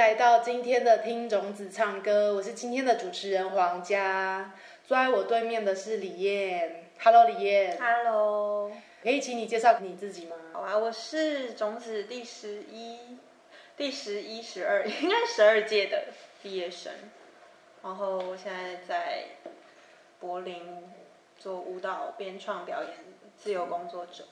來到今天的聽種籽唱歌，我是今天的主持人黃迦，坐在我對面的是李彥。Hello，李彥。Hello。可以請你介紹你自己嗎？好啊，我是種籽第十一、第十一、十二，應該是十二屆的畢業生。然後我現在在柏林做舞蹈編創表演，自由工作者。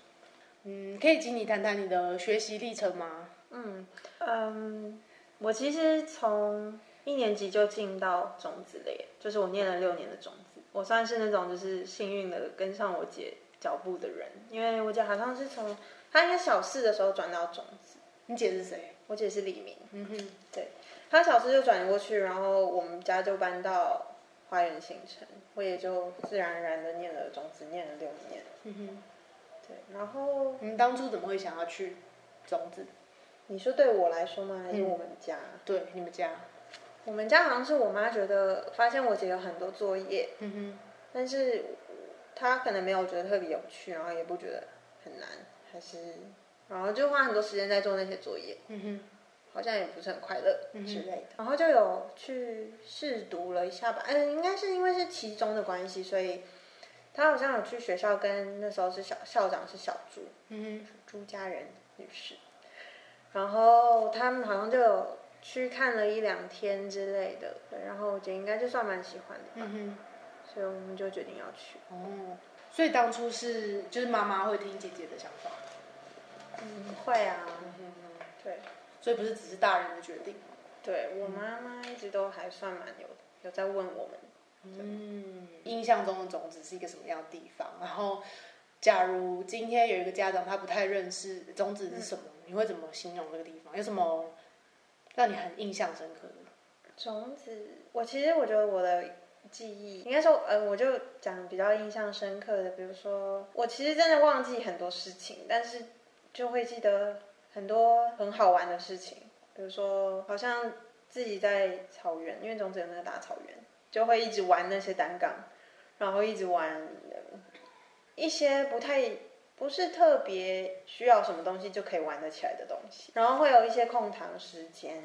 嗯，可以請你談談你的學習歷程嗎？嗯嗯。嗯我其實從一年級就進到種子類，就是我念了六年的種子。我算是那種就是幸運的跟上我姐腳步的人，因為我姐好像是從她應該小四的時候轉到種子。你姐是誰？我姐是李明。嗯哼，對，她小四就轉過去，然後我們家就搬到花園新城，我也就自然而然的念了種子，念了六年。嗯哼，對，然後你當初怎麼會想要去種子？你說對我來說嗎？是我們家，嗯、對你們家，我們家好像是我媽覺得發現我姐有很多作業，嗯哼，但是她可能沒有覺得特別有趣，然後也不覺得很難，還是，然後就花很多時間在做那些作業，嗯哼，好像也不是很快樂，嗯、哼之類的，然後就有去試讀了一下吧，嗯、哎，應該是因為是期中的關係，所以她好像有去學校跟那時候是小校長是小朱，嗯哼，朱家人女士。然後他們好像就有去看了一兩天之類的，對，然後我姐應該就算蠻喜歡的，嗯哼，所以我們就決定要去。哦，所以當初是就是媽媽會聽姐姐的想法，嗯，會啊，嗯、對，所以不是只是大人的決定。對，我媽媽一直都還算蠻有有在問我們，對，嗯，印象中的種子是一個什麼樣的地方？然後假如今天有一個家長他不太認識種子是什麼？嗯你會怎麼形容這個地方？有什麼讓你很印象深刻的？種籽，我其實我覺得我的記憶應該說，呃，我就講比較印象深刻的，比如說，我其實真的忘記很多事情，但是就會記得很多很好玩的事情。比如說，好像自己在草原，因為種籽有那個大草原，就會一直玩那些單槓，然後一直玩、嗯、一些不太。不是特別需要什麼東西就可以玩得起來的東西，然後會有一些空堂時間，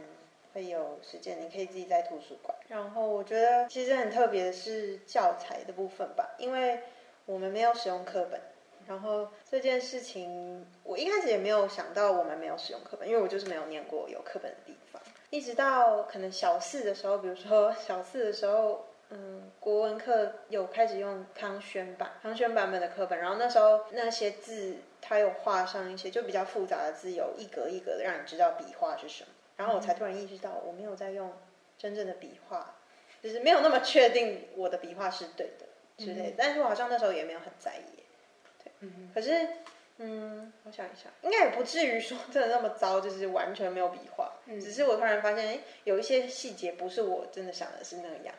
會有時間你可以自己在圖書館。然後我覺得其實很特別的是教材的部分吧，因為我們沒有使用課本。然後這件事情我一開始也沒有想到我們沒有使用課本，因為我就是沒有念過有課本的地方，一直到可能小四的時候，比如說小四的時候。嗯，國文課有開始用康軒版康軒版本的課本，然後那時候那些字，它有畫上一些，就比較複雜的字，有一格一格的讓你知道筆畫是什麼。然後我才突然意識到，我沒有在用真正的筆畫，就是沒有那麼確定我的筆畫是對的之，嗯、類的。但是我好像那時候也沒有很在意。對，嗯、哼可是嗯，我想一下，應該也不至於說真的那麼糟，就是完全沒有筆畫。嗯、只是我突然發現，哎、欸，有一些細節不是我真的想的是那樣。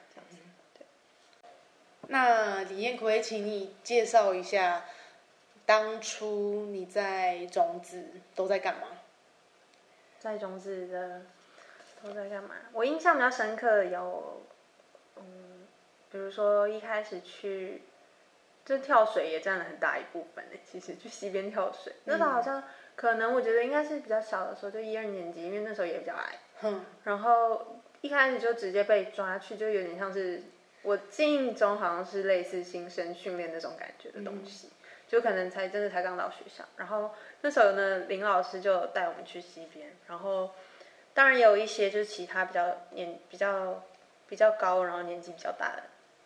那李彥，可以請你介紹一下，當初你在種子都在幹嘛？在種子的都在幹嘛？我印象比較深刻有，嗯，比如說一開始去，這跳水也佔了很大一部分，其實去西邊跳水，那時候好像，嗯，可能我覺得應該是比較小的時候，就一二年級，因為那時候也比較矮。嗯，然後一開始就直接被抓去，就有點像是。我記憶中好像是類似新生訓練那種感覺的東西，嗯、就可能才真的才剛到學校。然後那時候呢，林老師就帶我們去溪邊，然後當然也有一些就是其他比較年比較比較高，然後年紀比較大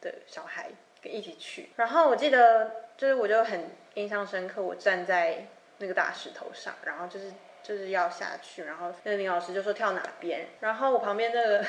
的小孩一起去。然後我記得就是我就很印象深刻，我站在那個大石頭上，然後就是。就是要下去，然後那林老師就說跳哪邊，然後我旁邊那個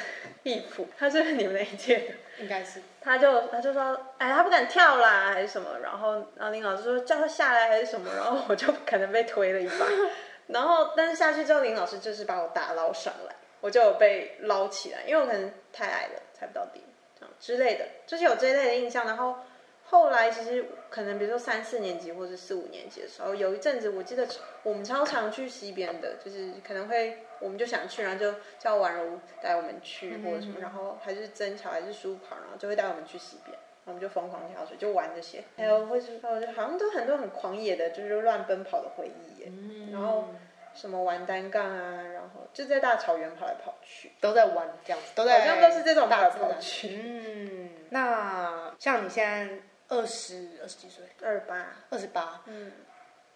藝普，他是你們那一屆的，應該是，他就他就說，哎，他不敢跳啦，還是什麼，然後然後林老師說叫他下來還是什麼，然後我就可能被推了一把， 然後但是下去之後，林老師就是把我打撈上來，我就有被撈起來，因為我可能太矮了，踩不到底，這樣，之類的，就是有這一類的印象，然後。後來其實可能比如說三四年級或者四五年級的時候，有一陣子我記得我們超常去西邊的，就是可能會我們就想去，然後就叫婉如帶我們去或者什麼，然後還是爭吵還是書旁，然後就會帶我們去西邊，我們就瘋狂跳水，就玩這些，還有會是哦，就好像都很多很狂野的，就是亂奔跑的回憶耶。然後什麼玩單槓啊，然後就在大草原跑來跑去，都,都在玩這樣子，都在好像都是這種大的跑去嗯，那像你現在。二十二十幾歲，二十八，二十八，嗯，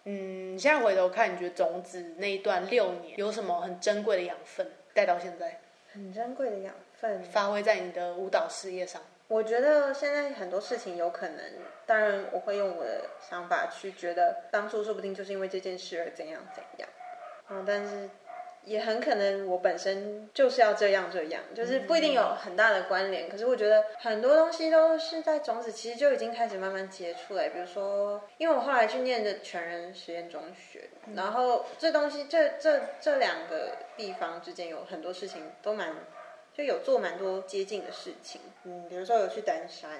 嗯，現在回頭看，你覺得種籽那一段六年有什麼很珍貴的養分帶到現在？很珍貴的養分發揮在你的舞蹈事業上。我覺得現在很多事情有可能，當然我會用我的想法去覺得，當初說不定就是因為這件事而怎樣怎樣。嗯，但是。也很可能，我本身就是要這樣這樣，就是不一定有很大的關聯。嗯、可是我覺得很多東西都是在種籽其實就已經開始慢慢接觸了。比如說，因為我後來去念的全人實驗中學，嗯、然後這東西這這這兩個地方之間有很多事情都蠻就有做蠻多接近的事情。嗯，比如說有去登山，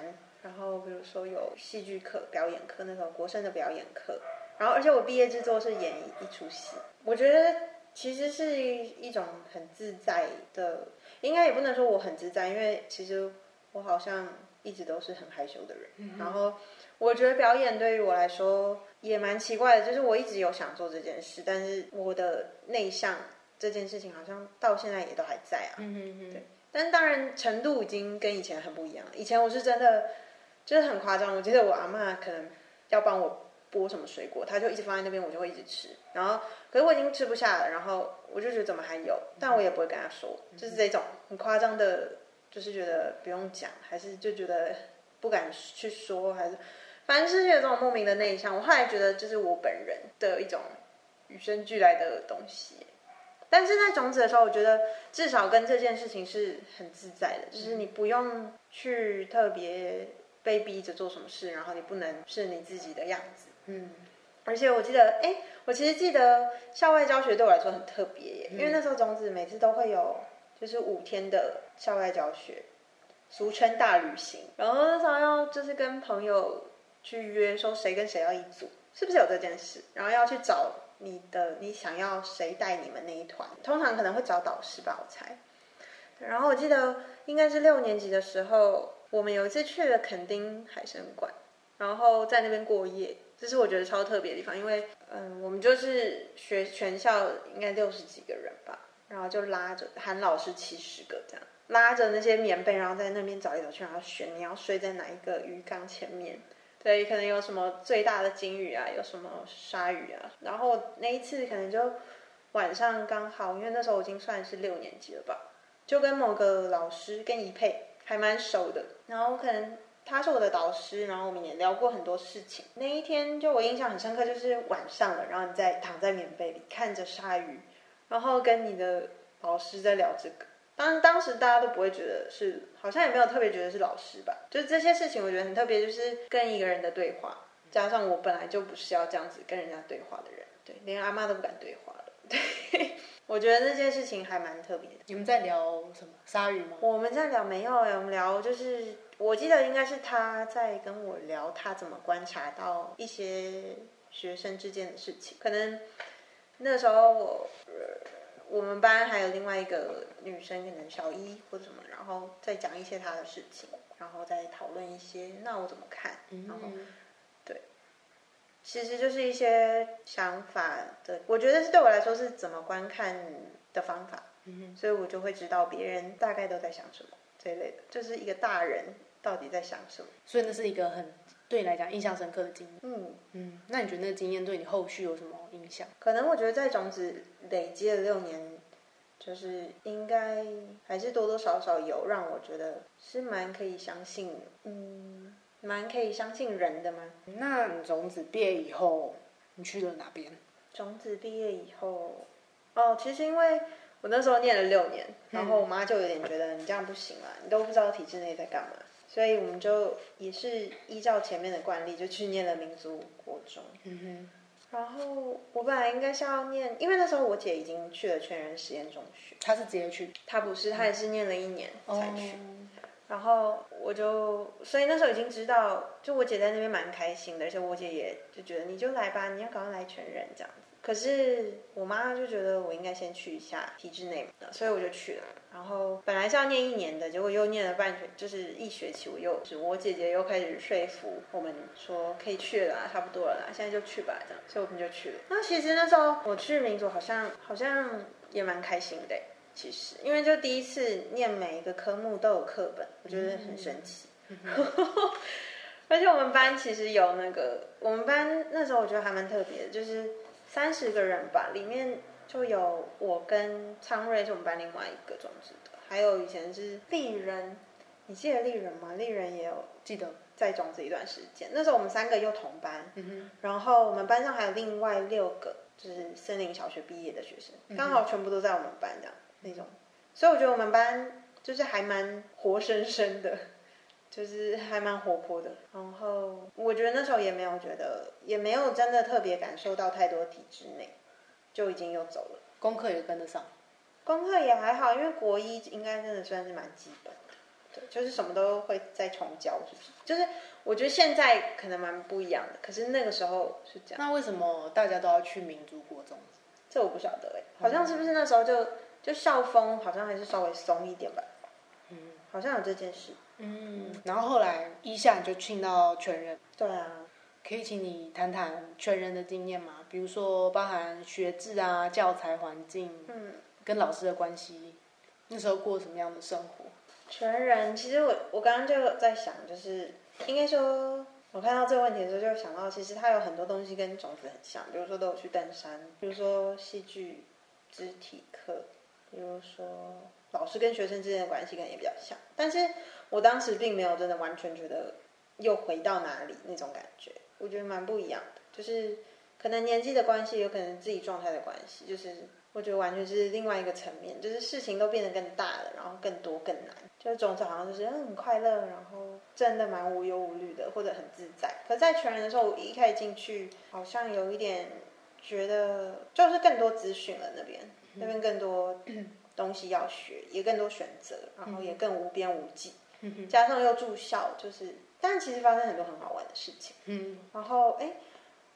然後比如說有戲劇課、表演課那種國中的表演課，然後而且我畢業之後是演一出戲，我覺得。其實是一種很自在的，應該也不能說我很自在，因為其實我好像一直都是很害羞的人。嗯、哼然後我覺得表演對於我來說也蠻奇怪的，就是我一直有想做這件事，但是我的內向這件事情好像到現在也都還在啊。嗯、哼哼對，但當然程度已經跟以前很不一樣了。以前我是真的就是很誇張，我記得我阿嬤可能要幫我剝什麼水果，她就一直放在那邊，我就會一直吃。然後，可是我已經吃不下了。然後我就覺得怎麼還有，但我也不會跟他說，嗯、哼就是這種很誇張的，就是覺得不用講，還是就覺得不敢去說，還是，反正是有這種莫名的內向。我後來覺得，這是我本人的一種與生俱來的東西。但是在種子的時候，我覺得至少跟這件事情是很自在的，嗯、就是你不用去特別被逼着做什麼事，然後你不能是你自己的樣子。嗯。而且我記得，哎、欸，我其實記得校外教學對我來說很特別耶，嗯、因為那時候種子每次都會有，就是五天的校外教學，俗稱大旅行。然後那時候要就是跟朋友去約，說誰跟誰要一組，是不是有這件事？然後要去找你的，你想要誰帶你們那一團？通常可能會找導師吧，我猜。然後我記得應該是六年級的時候，我們有一次去了墾丁海生館，然後在那邊過夜。這是我覺得超特別的地方，因為，嗯、呃，我們就是學全校應該六十幾個人吧，然後就拉着喊老師七十個這樣，拉着那些棉被，然後在那邊找一找去，然後選你要睡在哪一個魚缸前面，對，可能有什麼最大的金魚啊，有什麼鯊魚啊，然後那一次可能就晚上剛好，因為那時候我已經算是六年級了吧，就跟某個老師跟一配，還蠻熟的，然後我可能。他是我的導師，然後我們也聊過很多事情。那一天就我印象很深刻，就是晚上了，然後你在躺在棉被裡看着鯊魚，然後跟你的老師在聊這個。當當時大家都不會覺得是，好像也沒有特別覺得是老師吧。就是這些事情我覺得很特別，就是跟一個人的對話，加上我本來就不是要這樣子跟人家對話的人，對，連阿媽都不敢對話了。對，我覺得這件事情還蠻特別的。你們在聊什麼？鯊魚嗎？我們在聊沒有，我們聊就是。我記得應該是他在跟我聊他怎麼觀察到一些學生之間的事情。可能那時候我我們班還有另外一個女生，可能小一或者什麼，然後再講一些他的事情，然後再討論一些，那我怎麼看？然後對，其實就是一些想法的，我覺得是對我來說是怎麼觀看的方法，所以我就會知道別人大概都在想什麼。類類的，就是一個大人到底在想什麼，所以那是一個很對你來講印象深刻的經驗。嗯嗯，那你覺得那個經驗對你後續有什麼影響？可能我覺得在種子累積了六年，就是應該還是多多少少有讓我覺得是蠻可以相信，嗯，蠻可以相信人的嘛。那你種子畢業以後，你去了哪邊？種子畢業以後，哦，其實因為。我那時候念了六年，然後我媽就有點覺得你這樣不行了，啊，你都不知道體制內在幹嘛，所以我們就也是依照前面的慣例，就去念了民族國中。嗯哼。然後我本來應該是要念，因為那時候我姐已經去了全人實驗中學。她是直接去？她不是，她也是念了一年才去。哦。然後我就，所以那時候已經知道，就我姐在那邊蠻開心的，而且我姐也就覺得你就來吧，你要趕快來全人這樣。可是我媽就覺得我應該先去一下體制內部的，所以我就去了。然後本來是要念一年的，結果又念了半天，就是一學期，我又我姐姐又開始說服我們說可以去了啦，差不多了啦，現在就去吧這樣，所以我們就去了。那其實那時候我去民族，好像好像也蠻開心的、欸。其實因為就第一次念每一個科目都有課本，我覺得很神奇。嗯、 而且我們班其實有那個，我們班那時候我覺得還蠻特別的，就是。三十個人吧，裡面就有我跟昌瑞，是我們班另外一個種子的，還有以前就是麗人，你記得麗人嗎？麗人也有記得在種子一段時間，得那時候我們三個又同班，嗯哼，然後我們班上還有另外六個，就是森林小學畢業的學生，剛好全部都在我們班這樣，嗯、哼那種，所以我覺得我們班就是還蠻活生生的。就是還蠻活潑的，然後我覺得那時候也沒有覺得，也沒有真的特別感受到太多體制內，就已經又走了。功課也跟得上，功課也還好，因為國一應該真的算是蠻基本的，對，就是什麼都會再重教就是，是不是。就是我覺得現在可能蠻不一樣的，可是那個時候是這樣。那為什麼大家都要去民族國中？這我不曉得哎、欸，好像是不是那時候就就校風好像還是稍微鬆一點吧？嗯，好像有這件事。嗯，然後後來一下就進到全人。對啊，可以請你談談全人的經驗嗎？比如說包含學制啊、教材、環境，嗯，跟老師的關係，那時候過什麼樣的生活？全人，其實我我剛剛就在想，就是應該說，我看到這個問題的時候，就想到其實它有很多東西跟種子很像，比如說都有去登山，比如說戲劇、肢體課，比如說。老師跟學生之間的關係可能也比較像，但是我當時並沒有真的完全覺得又回到哪裡那種感覺，我覺得蠻不一樣的。就是可能年紀的關係，有可能自己狀態的關係，就是我覺得完全是另外一個層面，就是事情都變得更大了，然後更多更難。就總是總之好像就是嗯，很快樂，然後真的蠻無憂無慮的，或者很自在。可是在全人的時候，我一開始進去好像有一點覺得就是更多諮詢了那邊，那邊更多，東西要學，也更多選擇，然後也更無邊無際，嗯、哼加上又住校，就是，但其實發生很多很好玩的事情。嗯哼，然後哎，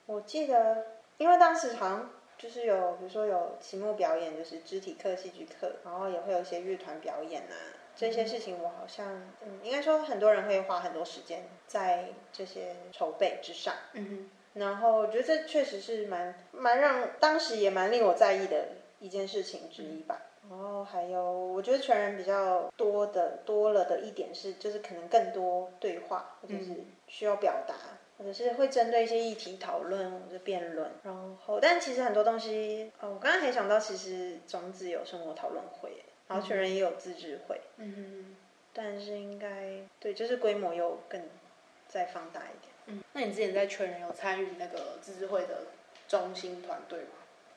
我記得，因為當時好像就是有，比如說有期末表演，就是肢體課、戲劇課，然後也會有一些樂團表演啊，這些事情我好像，嗯哼嗯、應該說很多人會花很多時間在這些籌備之上。嗯哼，然後我覺得這確實是蠻蠻讓當時也蠻令我在意的一件事情之一吧。嗯然後還有，我覺得全人比較多的多了的一點是，就是可能更多對話，或者是需要表達，或者是會針對一些議題討論或者辯論。然後，但其實很多東西，哦、我剛剛還想到，其實種籽有生活討論會，然後全人也有自治會。嗯，但是應該對，就是規模又更再放大一點。嗯，那你之前在全人有參與那個自治會的中心團隊嗎？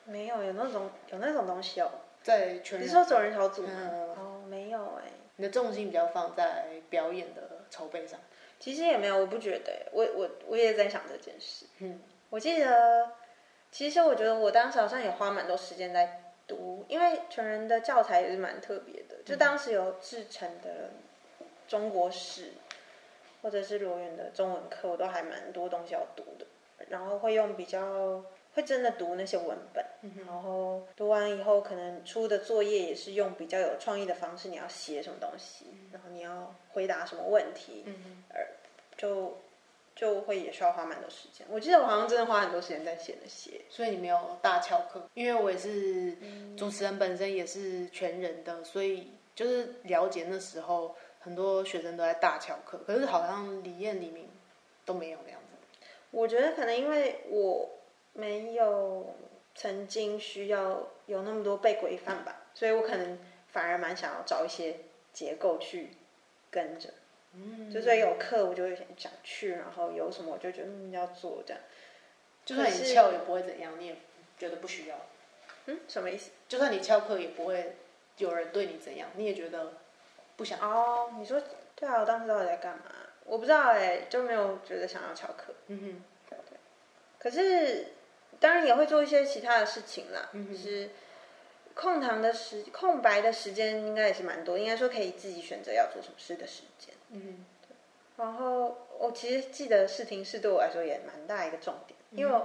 沒有，有那種有那種東西哦。在全，你說走人小組嗎？嗯、哦，沒有哎、欸。你的重心比較放在表演的籌備上，嗯、其實也沒有，我不覺得、欸。我我我也在想這件事。嗯，我記得，其實我覺得我當時好像也花蠻多時間在讀，因為全人的教材也是蠻特別的，就當時有制成的中國史，嗯、或者是羅源的中文課，我都還蠻多東西要讀的，然後會用比較。會真的讀那些文本，嗯、哼然後讀完以後，可能出的作業也是用比較有創意的方式，你要寫什麼東西，嗯、哼然後你要回答什麼問題，嗯、哼而就就會也需要花蠻多時間。我記得我好像真的花很多時間在寫那些，所以你沒有大翹課？因為我也是主持人，本身也是全人的，嗯、所以就是了解那時候很多學生都在大翹課，可是好像李彥裡面都沒有那樣子。我覺得可能因為我。沒有曾經需要有那麼多被規範吧，嗯、所以我可能反而蠻想要找一些結構去跟着，嗯、就是有課我就會想想去，然後有什麼我就覺得嗯要做這樣，就算你翹也不會怎樣，是你也覺得不需要。嗯，什麼意思？就算你翹課也不會有人對你怎樣，你也覺得不想哦？你說對啊，我當時到底在幹嘛？我不知道哎、欸，就沒有覺得想要翹課。嗯哼對，對，可是。當然也會做一些其他的事情啦，嗯、哼就是空堂的時空白的時間應該也是蠻多，應該說可以自己選擇要做什麼事的時間。嗯、然後我其實記得視聽室對我來說也蠻大一個重點，嗯、哼因為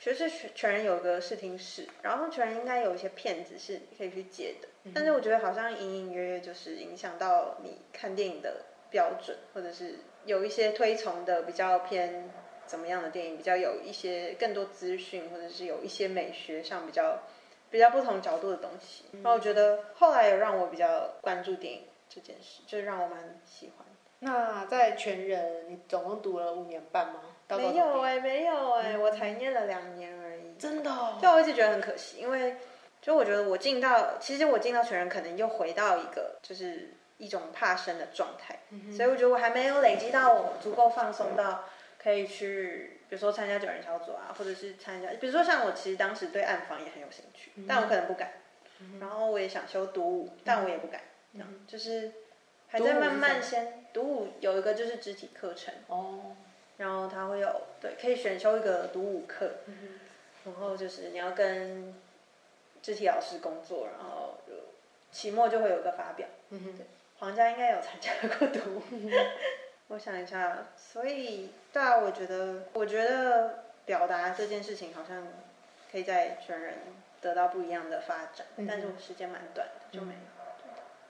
全是全人有個視聽室，然後全人應該有一些片子是可以去借的，嗯、哼但是我覺得好像隱隱約約就是影響到你看電影的標準，或者是有一些推崇的比較偏，怎麼樣的電影比較有一些更多資訊，或者是有一些美學上比較比較不同角度的東西？然後我覺得後來有讓我比較關注電影這件事，就讓我蠻喜歡。那在全人，你總共讀了五年半嗎？高高沒有哎、欸，沒有哎、欸，嗯、我才念了兩年而已。真的、哦？就我一直覺得很可惜，因為就我覺得我進到其實我進到全人，可能又回到一個就是一種怕生的狀態，嗯、哼所以我覺得我還沒有累積到我足夠放鬆到。可以去，比如說參加九人小組啊，或者是參加，比如說像我其實當時對暗房也很有興趣，但我可能不敢。然後我也想修獨舞，但我也不敢，就是還在慢慢先。獨舞有一個就是肢體課程哦，然後它會有對，可以選修一個獨舞課，然後就是你要跟肢體老師工作，然後就期末就會有一個發表。嗯哼，對，黃迦應該有參加過獨舞。 我想一下，所以，對啊，我覺得，我覺得表達這件事情好像可以在全人得到不一樣的發展，嗯、哼但是我時間蠻短的，嗯、就沒有。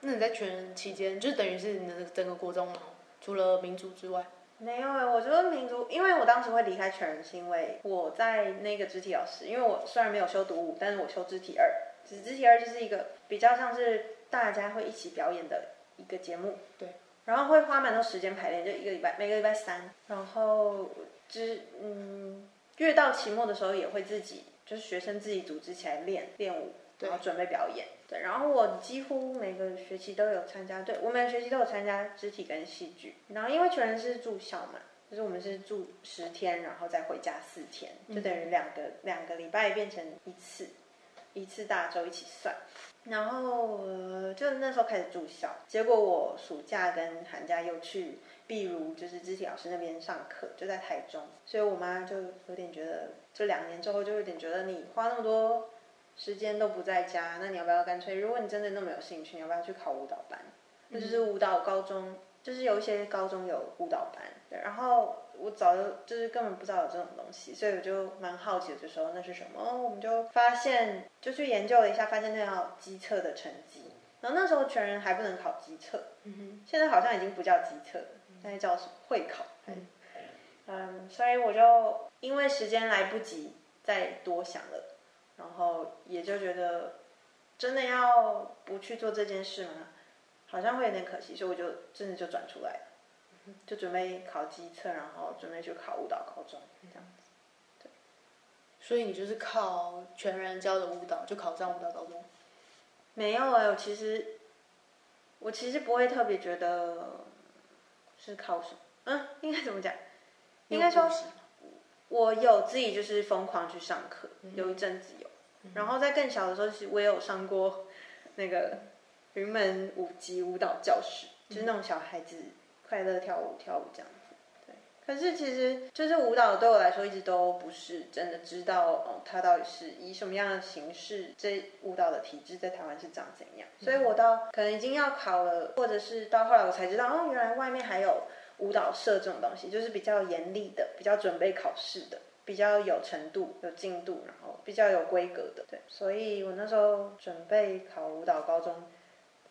那你在全人期間，就是、等於是你的整個國中嗎，除了民族之外，沒有。我覺得民族，因為我當時會離開全人，是因為我在那個肢體老師，因為我雖然沒有修獨舞，但是我修肢體二，只是肢體二就是一個比較像是大家會一起表演的一個節目，對。然後會花蠻多時間排練，就一個禮拜，每個禮拜三。然後，之、就是、嗯，越到期末的時候，也會自己，就是學生自己組織起來練練舞，然後準備表演。對，對，然後我幾乎每個學期都有參加，對我每個學期都有參加肢體跟戲劇。然後因為全人是住校嘛，就是我們是住十天，然後再回家四天，就等於兩個兩個禮拜變成一次一次大周一起算。然後呃就那時候開始住校，結果我暑假跟寒假又去，比如就是肢體老師那邊上課，就在台中，所以我媽就有點覺得，這兩年之後就有點覺得你花那麼多時間都不在家，那你要不要乾脆？如果你真的那麼有興趣，你要不要去考舞蹈班？嗯、就是舞蹈高中，就是有一些高中有舞蹈班，對然後。我早就就是根本不知道有這種東西，所以我就蠻好奇的，就說，那是什麼？哦，我們就發現，就去研究了一下，發現那叫基測的成績。然後那時候全人還不能考基測，現在好像已經不叫基測了，現在叫會考。嗯，嗯，所以我就因為時間來不及再多想了，然後也就覺得真的要不去做這件事嗎？好像會有點可惜，所以我就真的就轉出來了。就準備考基測，然後準備去考舞蹈高中，這樣子。對，所以你就是靠全人教的舞蹈，就考上舞蹈高中？沒有哎、欸，我其實，我其實不會特別覺得是靠什麼。嗯，應該怎麼講？應該說，我有自己就是瘋狂去上課，嗯嗯，有一陣子有。嗯嗯，然後在更小的時候，其實我也有上過那個雲門舞集舞蹈教室，就是那種小孩子。嗯嗯。快樂跳舞，跳舞這樣子，對。可是其實，就是舞蹈對我來說，一直都不是真的知道哦，它、嗯、到底是以什麼樣的形式，這舞蹈的體制在台灣是長怎樣。嗯、所以我到可能已經要考了，或者是到後來我才知道，哦，原來外面還有舞蹈社這種東西，就是比較嚴厲的，比較準備考試的，比較有程度、有進度，然後比較有規格的。對，所以我那時候準備考舞蹈高中，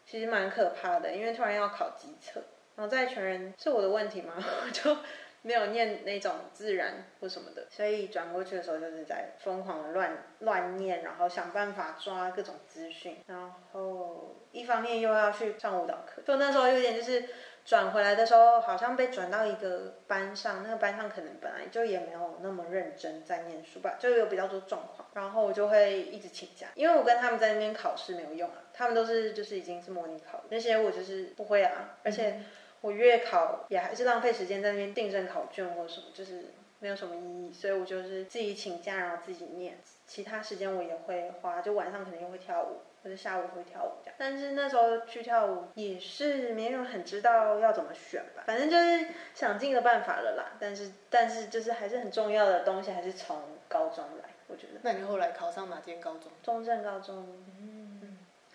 其實蠻可怕的，因為突然要考基測。然後在全人是我的問題嗎？我 就沒有念那種自然或什麼的，所以轉過去的時候，就是在瘋狂的亂亂念，然後想辦法抓各種資訊，然後一方面又要去上舞蹈課，就那時候有點就是轉回來的時候，好像被轉到一個班上，那個班上可能本來就也沒有那麼認真在念書吧，就有比較多狀況，然後我就會一直請假，因為我跟他們在那邊考試沒有用啊，他們都是就是已經是模擬考的，那些我就是不會啊，而且。我月考也還是浪費時間在那邊訂正考卷或者什麼，就是沒有什麼意義，所以我就是自己請假，然後自己念，其他時間我也會花，就晚上可能又會跳舞，或者下午會跳舞這樣。但是那時候去跳舞也是沒有很知道要怎麼選吧，反正就是想盡了辦法了啦。但是但是就是還是很重要的東西還是從高中來，我覺得。那你後來考上哪間高中？中正高中。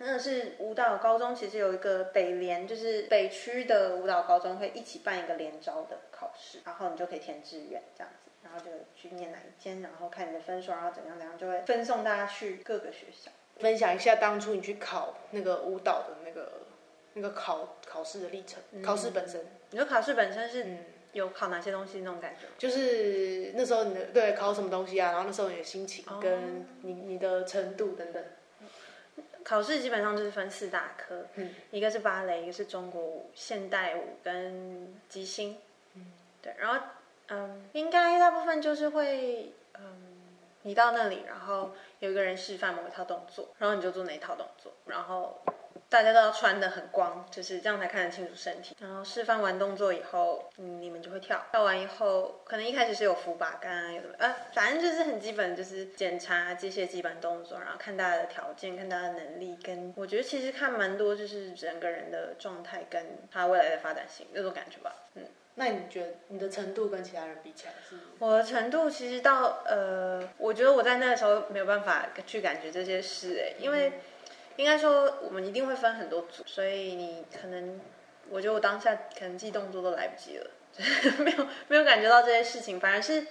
那是舞蹈高中，其實有一個北聯，就是北區的舞蹈高中可以一起辦一個聯招的考試，然後你就可以填志願這樣子，然後就去念哪一間，然後看你的分數，然後怎樣怎樣，就會分送大家去各個學校。分享一下當初你去考那個舞蹈的那個那個考考試的歷程。嗯、考試本身，你說考試本身是有考哪些東西那種感覺？就是那時候你的對考什麼東西啊，然後那時候你的心情跟你、哦、你的程度等等。考試基本上就是分四大科，一個是芭蕾，一個是中國舞、現代舞跟即興。對，然後嗯，應該大部分就是會嗯，你到那裡，然後有一個人示範某一套動作，然後你就做哪一套動作，然後。大家都要穿得很光，就是這樣才看得清楚身體。然後示範完動作以後，嗯、你們就會跳。跳完以後，可能一開始是有扶把杆啊，又怎麼？呃、啊，反正就是很基本，就是檢查這些基本動作，然後看大家的條件，看大家的能力，跟我覺得其實看蠻多，就是整個人的狀態跟他未來的發展性那種、就是、感覺吧。嗯，那你覺得你的程度跟其他人比起來是是，我的程度其實到呃，我覺得我在那個時候沒有辦法去感覺這些事、欸，哎，因為。嗯應該說，我們一定會分很多組，所以你可能，我覺得我當下可能記動作都來不及了，就是、沒有沒有感覺到這些事情。反而是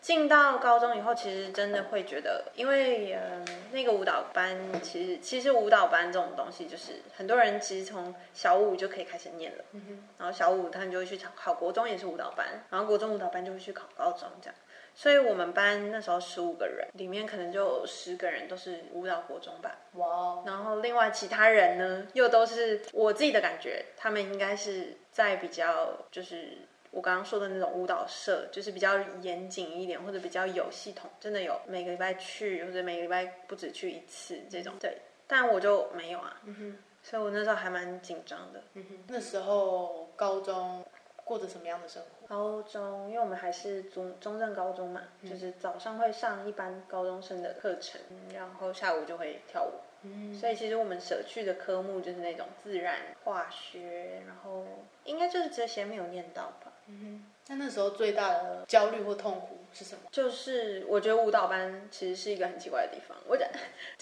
進到高中以後，其實真的會覺得，因為嗯、呃，那個舞蹈班，其實其實舞蹈班這種東西，就是很多人其實從小五就可以開始念了，嗯、哼然後小五他們就會去考國中，也是舞蹈班，然後國中舞蹈班就會去考高中這樣。所以我們班那時候十五個人，裡面可能就十個人都是舞蹈國中吧。哇！Wow. 然後另外其他人呢，又都是我自己的感覺，他們應該是在比較，就是我剛剛說的那種舞蹈社，就是比較嚴謹一點，或者比較有系統，真的有每個禮拜去，或者每個禮拜不止去一次這種。對，但我就沒有啊。嗯哼。所以我那時候還蠻緊張的。嗯哼。那時候高中過着什麼樣的生活？高中，因為我們還是中中正高中嘛，嗯、就是早上會上一般高中生的課程，然後下午就會跳舞。嗯，所以其實我們舍去的科目就是那種自然、化學，嗯、然後應該就是這些沒有念到吧。嗯，那那時候最大的焦慮或痛苦是什麼？就是我覺得舞蹈班其實是一個很奇怪的地方。我講這,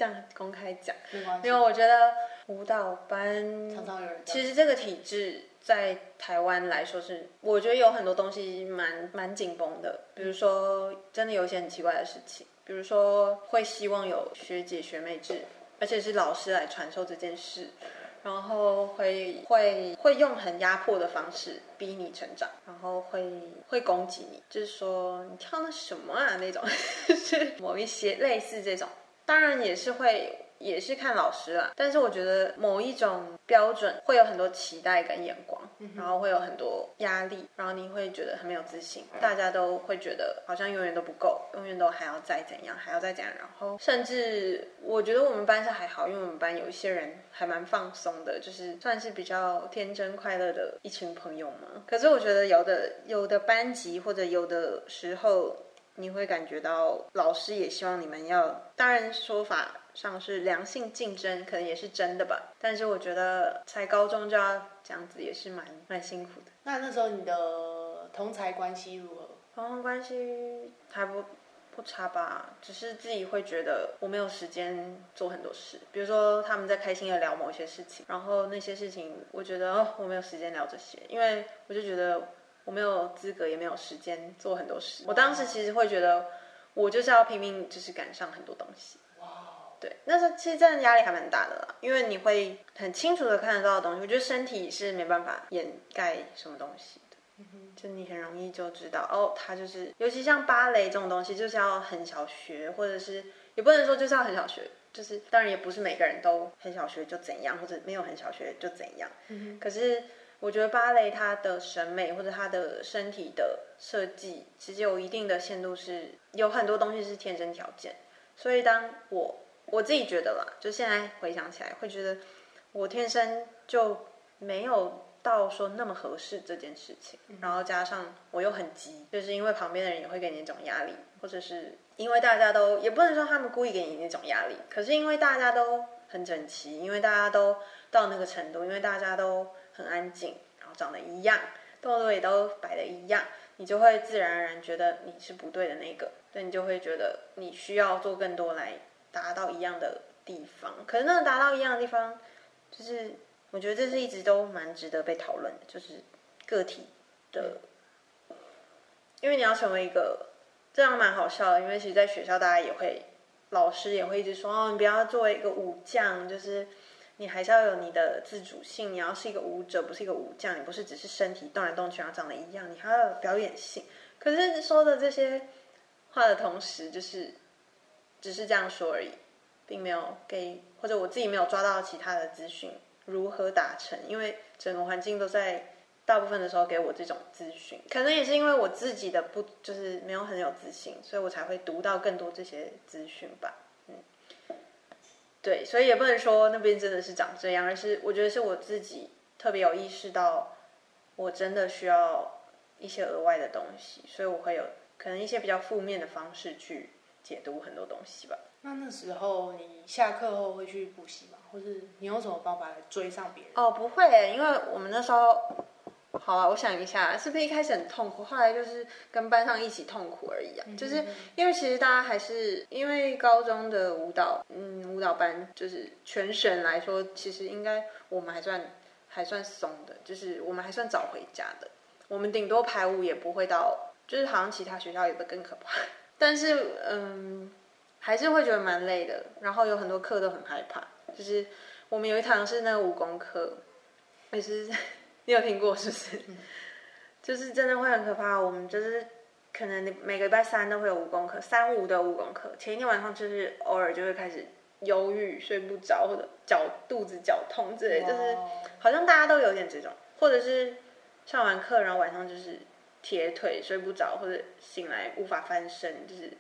這樣公開講沒關係。因為我覺得舞蹈班，常常有其實這個體制。在台灣來說是，我覺得有很多東西蠻蠻緊繃的，比如說真的有一些很奇怪的事情，比如說會希望有學姐學妹制，而且是老師來傳授這件事，然後會會會用很壓迫的方式逼你成長，然後會會攻擊你，就是說你跳了什麼啊那種，是 某一些類似這種，當然也是會也是看老師啦，但是我覺得某一種標準會有很多期待跟眼光。然後會有很多壓力，然後你會覺得很沒有自信，大家都會覺得好像永遠都不夠，永遠都還要再怎樣，還要再怎樣。然後，甚至我覺得我們班是還好，因為我們班有一些人還蠻放鬆的，就是算是比較天真快樂的一群朋友嘛。可是我覺得有的有的班級或者有的時候。你會感覺到老師也希望你們要，當然說法上是良性競爭，可能也是真的吧。但是我覺得才高中就要這樣子也是蠻蠻辛苦的。那那時候你的同儕關係如何？同儕關係還不不差吧，只是自己會覺得我沒有時間做很多事，比如說他們在開心地聊某些事情，然後那些事情我覺得、哦、我沒有時間聊這些，因為我就覺得。我沒有資格，也沒有時間做很多事。我當時其實會覺得，我就是要拼命，就是趕上很多東西。哇，對，那時候其實真的壓力還蠻大的啦，因為你會很清楚的看得到的東西。我覺得身體是沒辦法掩蓋什麼東西的，就你很容易就知道哦，他就是，尤其像芭蕾這種東西，就是要很小學，或者是也不能說就是要很小學，就是當然也不是每個人都很小學就怎樣，或者沒有很小學就怎樣。可是。我覺得芭蕾它的審美或者它的身體的設計，其實有一定的限度，是有很多東西是天生條件。所以當我我自己覺得啦，就現在回想起來，會覺得我天生就沒有到說那麼合適這件事情。然後加上我又很急，就是因為旁邊的人也會給你一種壓力，或者是因為大家都也不能說他們故意給你那種壓力，可是因為大家都很整齊，因為大家都到那個程度，因為大家都，很安靜，然後長得一樣，動作也都擺的一樣，你就會自然而然覺得你是不對的那個，那你就會覺得你需要做更多來達到一樣的地方。可是那個達到一樣的地方，就是我覺得這是一直都蠻值得被討論的，就是個體的，嗯、因為你要成為一個，這樣蠻好笑的，因為其實，在學校大家也會，老師也會一直說，哦，你不要作為一個武將，就是。你還是要有你的自主性，你要是一個舞者，不是一個武將，你不是只是身體動來動去，然後長得一樣，你還要有表演性。可是說的這些話的同時，就是只是這樣說而已，並沒有給，或者我自己沒有抓到其他的資訊如何達成，因為整個環境都在大部分的時候給我這種資訊，可能也是因為我自己的不就是沒有很有自信，所以我才會讀到更多這些資訊吧。對，所以也不能說那邊真的是長這樣，而是我覺得是我自己特別有意識到，我真的需要一些額外的東西，所以我會有可能一些比較負面的方式去解讀很多東西吧。那那時候你下課後會去補習嗎？或是你用什麼辦法來追上別人？哦，不會，因為我們那時候。好啊，我想一下，是不是一開始很痛苦，後來就是跟班上一起痛苦而已啊？就是因為其實大家還是因為高中的舞蹈，嗯，舞蹈班就是全省來說，其實應該我們還算還算鬆的，就是我們還算早回家的，我們頂多排舞也不會到，就是好像其他學校也會更可怕。但是嗯，還是會覺得蠻累的，然後有很多課都很害怕，就是我們有一堂是那個武功課，也、就是。你有聽過是不是？就是真的會很可怕。我們就是可能每每個禮拜三都會有五功課，三五的五功課，前一天晚上就是偶爾就會開始憂鬱、睡不着，或者腳肚子腳痛之類的，哇就是好像大家都有點這種，或者是上完課然後晚上就是鐵腿睡不着，或者醒來無法翻身，就是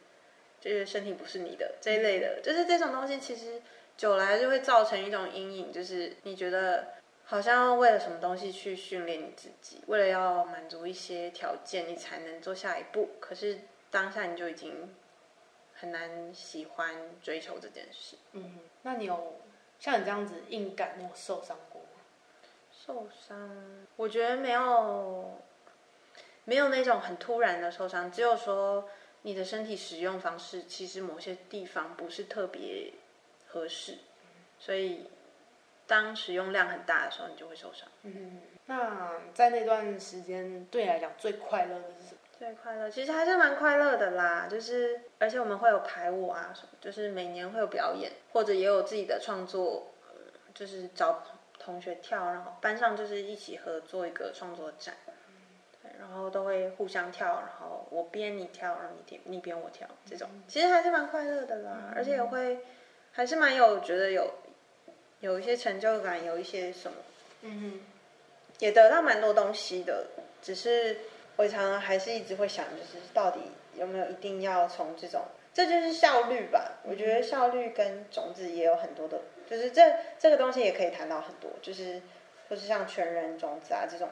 就是身體不是你的這一類的，嗯、就是這種東西其實久來就會造成一種陰影，就是你覺得。好像要為了什麼東西去訓練你自己，為了要滿足一些條件，你才能做下一步。可是當下你就已經很難喜歡追求這件事。嗯哼，那你有像你這樣子硬幹，你有受傷過嗎？受傷？我覺得沒有，沒有那種很突然的受傷。只有說你的身體使用方式，其實某些地方不是特別合適，嗯、所以。當使用量很大的時候，你就會受傷。嗯，那在那段時間對你來講最快樂的是什麼？最快樂，其實還是蠻快樂的啦。就是，而且我們會有排舞啊，就是每年會有表演，或者也有自己的創作，就是找同學跳，然後班上就是一起合作一個創作展，對，然後都會互相跳，然後我編你跳，然後你編，你編我跳，這種。嗯。其實還是蠻快樂的啦。而且也會，還是蠻有，覺得有。有一些成就感，有一些什麼，嗯哼，也得到蠻多東西的。只是我常常還是一直會想，就是到底有沒有一定要從這種，這就是效率吧？我覺得效率跟種子也有很多的，嗯、就是這這個東西也可以談到很多，就是或、就是像全人種子啊這種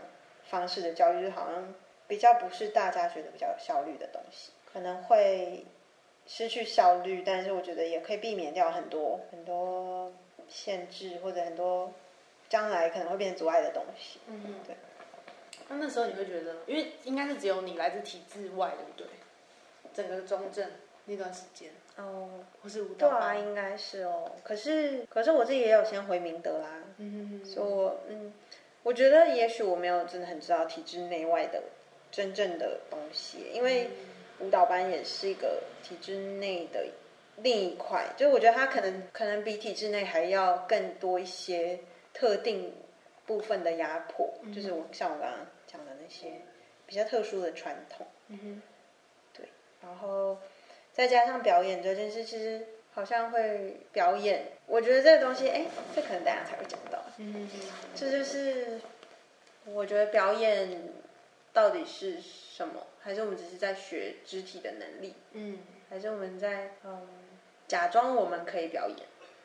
方式的教育，就好像比較不是大家覺得比較有效率的東西，可能會失去效率，但是我覺得也可以避免掉很多很多限制或者很多將來可能會變阻礙的東西，嗯哼，對。那那時候你會覺得，因為應該是只有你來自體制外，對不對？整個中正那段時間，哦，或是舞蹈班，對啊，應該是哦。可是可是我自己也有先回明德啦，嗯哼哼，所以我嗯，我覺得也許我沒有真的很知道體制內外的真正的東西，因為舞蹈班也是一個體制內的。另一塊，就是我覺得他可能可能比體制內還要更多一些特定部分的壓迫，就是我像我剛剛講的那些比較特殊的傳統，嗯哼對，然後再加上表演這件事，其實好像會表演，我覺得這個東西，哎、欸，這可能大家才會講到，嗯哼這就是我覺得表演到底是什麼？還是我們只是在學肢體的能力？嗯，還是我們在嗯。假裝我們可以表演，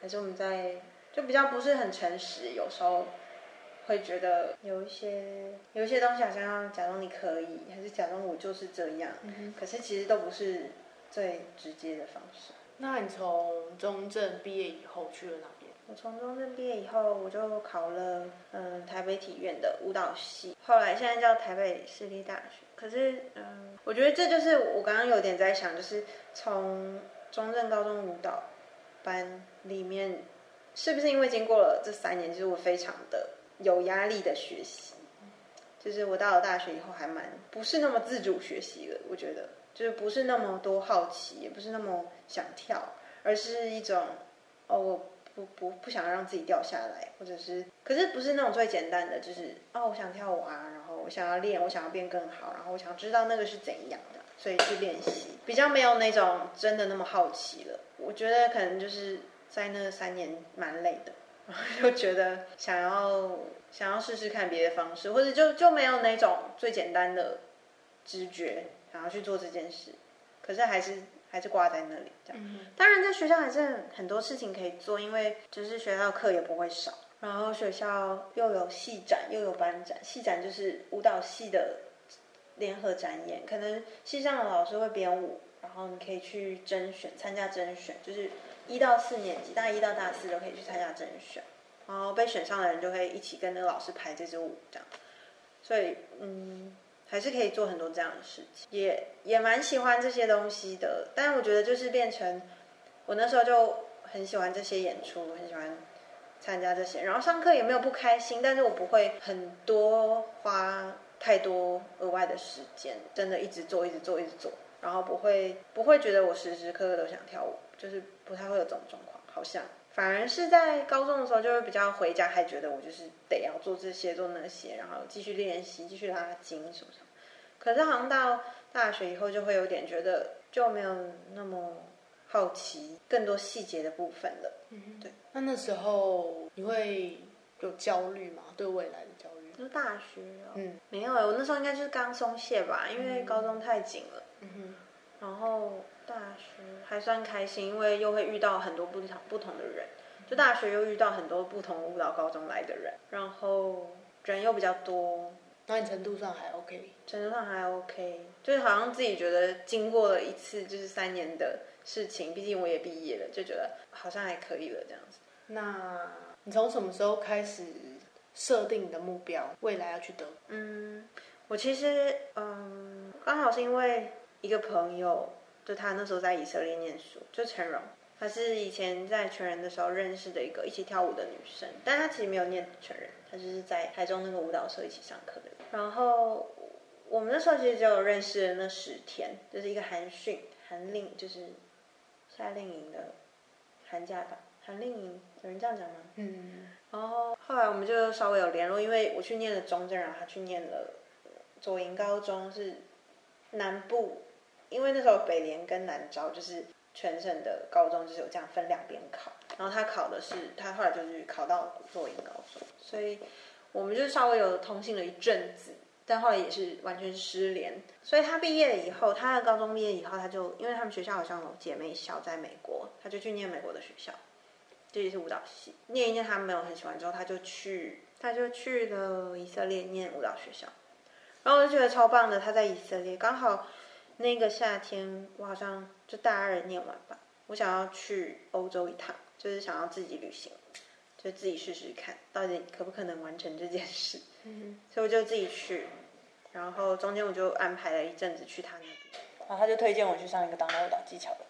還是我們在就比較不是很誠實，有時候會覺得有一些有一些東西，好像要假裝你可以，還是假裝我就是這樣。嗯哼。可是其實都不是最直接的方式。那你從中正畢業以後去了哪邊？我從中正畢業以後，我就考了嗯台北體院的舞蹈系，後來現在叫台北市立大學。可是嗯，我覺得這就是我剛剛有點在想，就是從。中正高中舞蹈班裡面，是不是因為經過了這三年，就是我非常的有壓力的學習，就是我到了大學以後還蠻不是那麼自主學習的。我覺得就是不是那麼多好奇，也不是那麼想跳，而是一種哦，我不不不想讓自己掉下來，或者是。可是不是那種最簡單的，就是哦、啊，我想跳舞啊，然後我想要練，我想要變更好，然後我想知道那個是怎樣的。所以去練習，比較沒有那種真的那麼好奇了。我覺得可能就是在那三年蠻累的，然後就覺得想要想要試試看別的方式，或者就就沒有那種最簡單的直覺想要去做這件事。可是還是還是掛在那裡。這樣。嗯哼。當然在學校還是很多事情可以做，因為就是學校課也不會少，然後學校又有系展又有班展，系展就是舞蹈系的。聯合展演，可能系上的老師會編舞，然後你可以去甄選，參加甄選，就是一到四年級，大概一到大四都可以去參加甄選，然後被選上的人就會一起跟那個老師排這支舞，這樣，所以嗯，還是可以做很多這樣的事情，也也蠻喜歡這些東西的，但我覺得就是變成我那時候就很喜歡這些演出，我很喜歡參加這些，然後上課也沒有不開心，但是我不會很多花太多額外的時間，真的一直做，一直做，一直做，一直做，然後不會不會覺得我時時刻刻都想跳舞，就是不太會有這種狀況。好像反而是在高中的時候，就會比較回家還覺得我就是得要做這些做那些，然後繼續練習，繼續拉筋什麼什麼。可是好像到大學以後，就會有點覺得就沒有那麼好奇更多細節的部分了。嗯哼，對。那那時候你會有焦慮嗎？對未來的焦慮？就大學、喔，嗯，沒有、欸，我那時候應該就是剛鬆懈吧，因為高中太緊了。嗯哼，然後大學還算開心，因為又會遇到很多不同不同的人。就大學又遇到很多不同舞蹈高中來的人，然後人又比較多。那你程度上還 OK？程度上還 OK，就是好像自己覺得經過了一次就是三年的事情，畢竟我也畢業了，就覺得好像還可以了這樣子。那你從什麼時候開始？設定你的目標，未來要去德國。嗯，我其實嗯，剛好是因為一個朋友，就他那時候在以色列念書，就陳榮，他是以前在全人的時候認識的一個一起跳舞的女生，但他其實沒有念全人，她就是在台中那個舞蹈社一起上課的。然後我們那時候其實就有認識了那十天，就是一個寒訓、寒令，就是夏令營的寒假吧。令、啊、有人這樣講嗎？嗯，然後後來我們就稍微有聯絡，因為我去念了中正，然後他去念了左營高中，是南部，因為那時候北聯跟南招就是全省的高中就是有這樣分兩邊考，然後他考的是他後來就是考到左營高中，所以我們就稍微有通信了一陣子，但後來也是完全失聯。所以他畢業以後，他的高中畢業以後，他就因為他們學校好像有姐妹校在美國，他就去念美國的學校。這也是舞蹈系，念一念他沒有很喜歡，之後他就去，他就去了以色列念舞蹈學校，然後我就覺得超棒的，他在以色列，剛好那個夏天我好像就大二念完吧，我想要去歐洲一趟，就是想要自己旅行，就自己試試看到底可不可能完成這件事，嗯、哼所以我就自己去，然後中間我就安排了一陣子去他那邊，他就推薦我去上一個當代舞蹈技巧的。